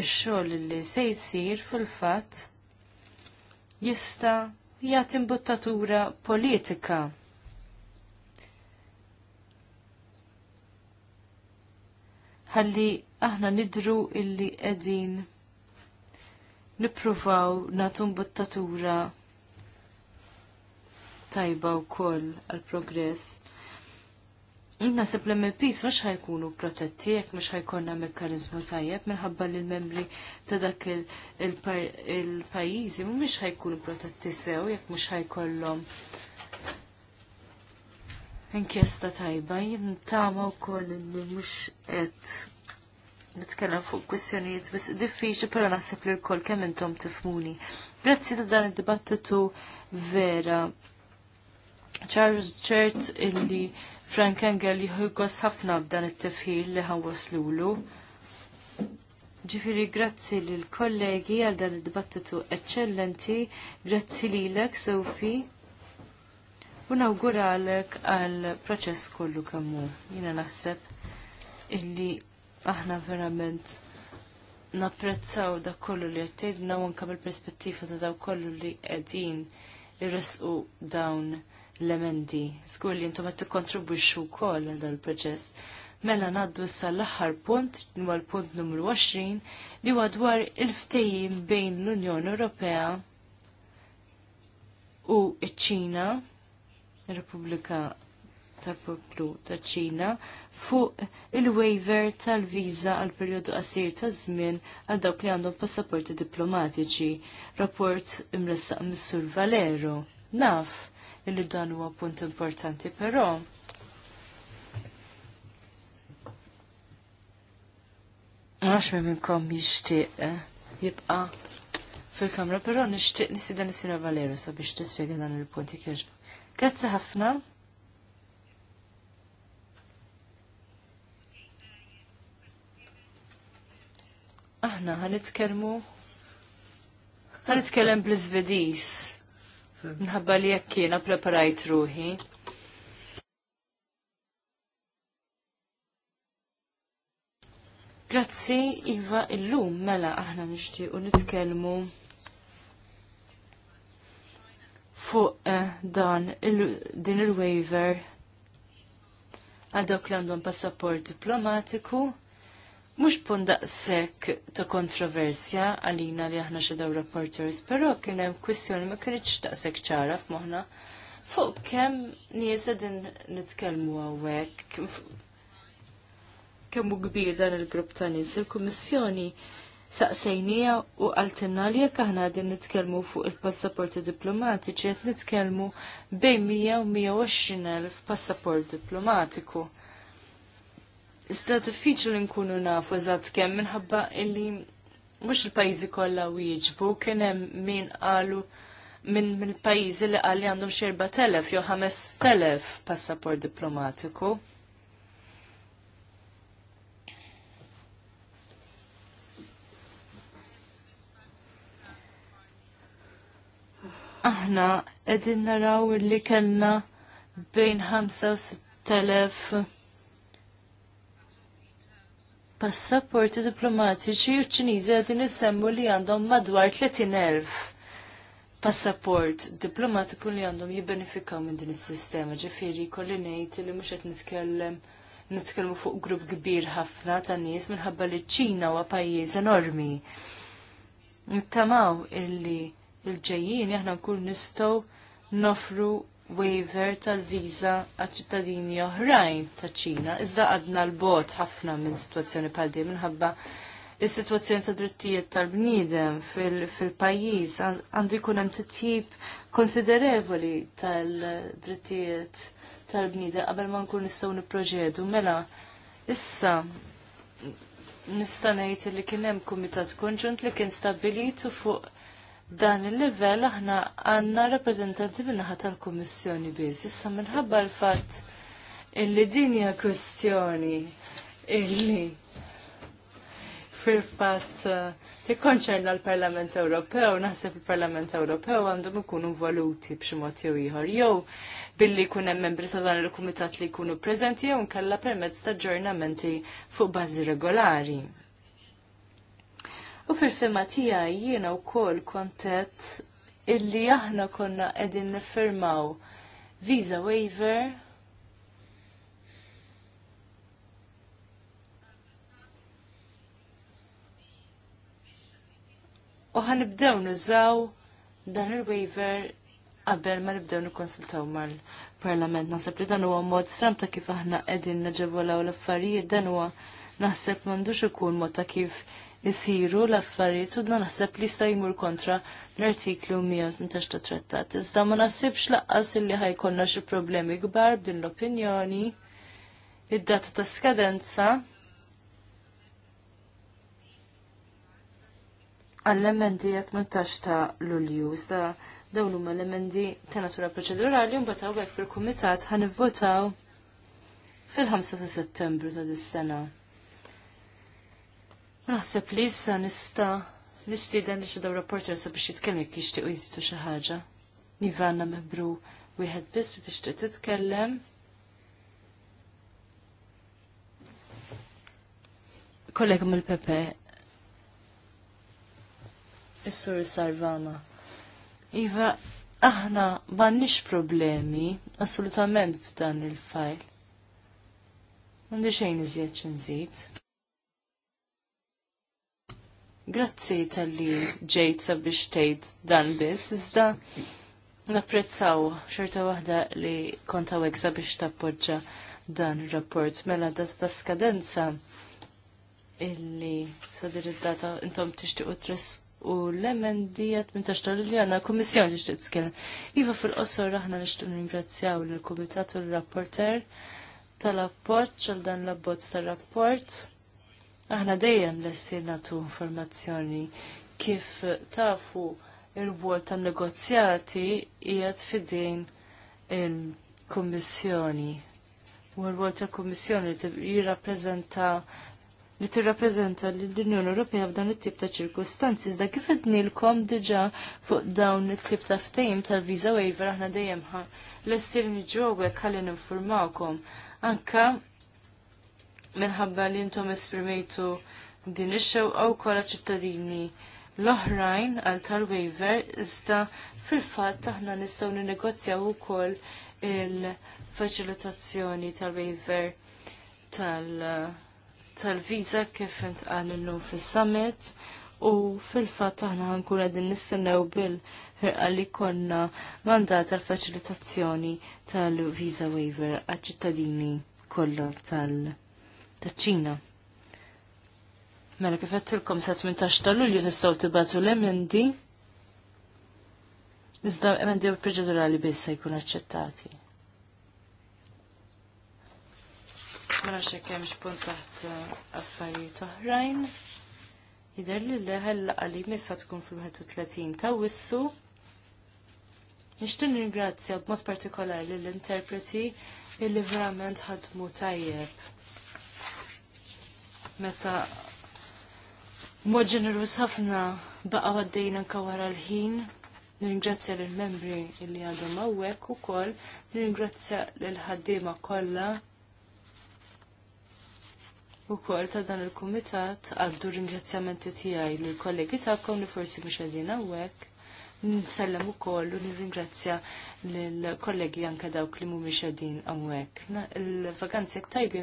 ix-xogħol li se jsir fil-fatt jista' jagħti imbuttatura politika. Ħalli aħna nidru illi qegħdin nippruvaw nagħtu bottatura tajba wkoll għall progress sepp l-MPs mux ħajkunu protetti, jek mux ħajkonna mekkanizmu tajjeb, minħabba li l-membri ta' dak il-pajizi mux ħajkunu protetti sew, jek mux ħajkollom inkjesta tajba, jintama u koll li mux et nitkellem fuq kwestjonijiet bis diffiċli però naħseb li l-koll kemm intom tifmuni. Grazzi ta' dan id-dibattitu vera. Charles Chert illi Frank Engel jħuqos ħafna b'dan it-tifħir li ħan ħawwaslulu. Ġifiri, grazzi l-kollegi għal dan id-dibattitu eccellenti, grazzi li l-ek, Sofi, u nawguralek għal proċess kollu kemmu. Jina naħseb illi aħna verament napprezzaw da kollu li għattejdna u għan mill-perspettiva ta' daw kollu li qegħdin irresqu dawn l-emendi. Skur li jintum għattu kontribuixu kol dan il-proċess. Mela naddu issa l-aħħar punt, huwa l-punt numru 20, li huwa dwar il-ftejjim bejn l-Unjoni Ewropea u ċ-Ċina, Repubblika tal-poplu ta' ċina fuq il-waiver tal-viża għal perjodu qasir ta' żmien għal dawk li għandhom passaporti diplomatiċi. Rapport imressaq mis-Sur Valero. Naf illi dan huwa punt importanti però. Għax me minnkom jishtiq eh, jibqa' fil-kamra, però nixtieq nisida nisira Valero sabiex tispjega dan il-punti kieġba. Grazzi ħafna. aħna ħanitkellmu ħanitkellem bl-Svediż. Minħabba li jekk jiena preparajt ruħi. Grazzi, Iva, illum mela aħna nixtiequ nitkellmu fuq eh, dan din il-waiver għal dawk li għandhom passaport diplomatiku mux pun daqsek ta' kontroversja għalina li aħna xedaw reporters, pero kienem kwestjoni ma kienieċ daqsek ċara f'moħna. Fuq kem niesa din nitkelmu għawek, kemm u kbir dan il-grupp ta' nies il-Kummissjoni saqsejnija u għaltinna li jekk aħna din nitkellmu fuq il-passaporti diplomatiċi qed nitkellmu bejn 100 u 120 passaport diplomatiku. Iżda diffiċli nkunu nafu eżatt kemm minħabba illi mhux il-pajjiżi kollha wieġbu kien hemm min qalu minn mill-pajjiżi li qal li għandhom xi telef jew telef passaport diplomatiku. Aħna qegħdin naraw li kellna bejn ħamsa u passaporti diplomatiċi u ċiniżi qegħdin isemmu li għandhom madwar 30,000 passaport diplomatiku li għandhom jibbenefikaw minn din is-sistema. Ġifieri kolli ngħid li mhux qed nitkellem nitkellmu fuq grupp kbir ħafna ta' nies minħabba li ċina huwa pajjiż enormi. Nittamaw illi l-ġejjin aħna nkun nistgħu nofru waiver tal-viza għal ċittadini oħrajn ta' ċina. Iżda għadna l-bot ħafna minn situazzjoni pal-di minħabba il sitwazzjoni ta' drittijiet tal-bniedem fil-pajjiż għandu jkun hemm titjib konsiderevoli tal-drittijiet tal bnidem qabel ma nkun nistgħu nipproġedu mela issa nista' ngħid li kien hemm kumitat konġunt li kien stabilitu fuq dan il-level aħna għanna rappresentanti minnaħat tal-Kommissjoni biss. Issa minħabba l-fatt illi dinja kwestjoni illi fil-fatt eh, tikkonċerna l-Parlament Ewropew, naħseb il-Parlament Ewropew għandhom ikunu voluti b'xi mod jew ieħor jew billi jkun hemm membri ta' dan il-kumitat li jkunu preżenti jew nkella permezz ta' ġornamenti fuq bażi regolari. U fil-fema tiegħi jiena wkoll kontet illi aħna konna qegħdin niffirmaw visa waiver U ħanibdew nużaw dan il-waiver qabel ma nibdew nikkonsultaw mal-Parlament. Naħseb li dan huwa mod stram ta' kif aħna qegħdin naġevolaw l-affarijiet dan huwa naħseb m'għandux ikun mod ta' kif isiru l-affarijiet u naħseb li jista' jmur kontra l-artiklu 118 ta' trattat. Iżda ma naħsibx laqqas illi ħajkollna xi problemi kbar b'din l-opinjoni. Id-data ta' skadenza għall-emendi 18 ta' Lulju. Iżda dawn huma l-emendi ta' natura proċedurali u mbagħad għek fil-kumitat ħanivvotaw fil-5 ta' Settembru ta' dis-sena. Naħseb li issa nista nistieden li xedaw rapporter sa biex jitkellem jekk jixtiequ jżidu xi ħaġa. Nivanna mebru wieħed biss li tixtieq titkellem. Kollega mill-Pepe, Is-sur Sarvana. Iva, aħna m'għandniex problemi assolutament b'dan il-fajl. M'għandi xejn iżjed xi nżid. Grazzi tal-li ġejt sabiex tgħid dan biss, iżda napprezzaw xorta waħda li konta għek sabiex tappoġġa dan ir-rapport. Mela da skadenza illi sadir id-data intom tixtiequ tres u l-emendijat minn taċtar li għanna l kummissjoni tixtieq titkellem. Iva fil-qosor aħna nixtieq ningrazzjaw lill-Kumitat u l-Rapporter tal-appoġġ għal dan l-abbozz tar-rapport. Aħna dejjem l-essir natu informazzjoni kif tafu il wol tan negozjati qiegħed fidejn il-Kummissjoni. U r-wol tal-Kummissjoni jirrapprezenta li tirrappreżenta l-Unjoni Ewropea f'dan it-tip ta' ċirkustanzi. Iżda kif idnilkom diġà fuq dawn it-tip ta' ftehim tal-visa waiver aħna dejjem l-estirni ġogwek ħalli ninformawkom. Anka minħabba li intom esprimejtu din ix xew wkoll ċittadini l-oħrajn għal tal-waiver iżda fil-fatt aħna nistgħu ninnegozjaw ukoll il-faċilitazzjoni tal-waiver tal-viża -tal kif intqal illum fis-summit u fil-fatt aħna ħankun qegħdin nistennew bil li konna mandat tal-faċilitazzjoni tal-visa waiver għaċ ċittadini kollha tal-Unjoni taċċina. Mela kif għedtilkom sa 18 ta' Lulju tistgħu tibatu l-emendi iżda emendi proċedurali biss se jkunu aċċettati. Ma mela, nafx hekk hemm x'punt taħt eh, affarijiet oħrajn. Jidher li leħel laqali missa tkun fil-31 ta' wissu. Nishtu ringrazzja b'mod partikolari l-interpreti illi verament ħadmu tajjeb meta mod ġenerus ħafna baqa' għaddejna kawara wara l-ħin. Nirringrazzja lill-membri li għadhom hawnhekk ukoll, nirringrazzja lill-ħaddiema kollha u kol ta' dan il-komitat għaddu ringrazzjamenti tijaj l-kollegi kom li forsi biex għadin għawek. Nsellem u koll u nirringrazzja l-kollegi anka dawk li mu biex għadin għawek. Il-vakanzi tajbin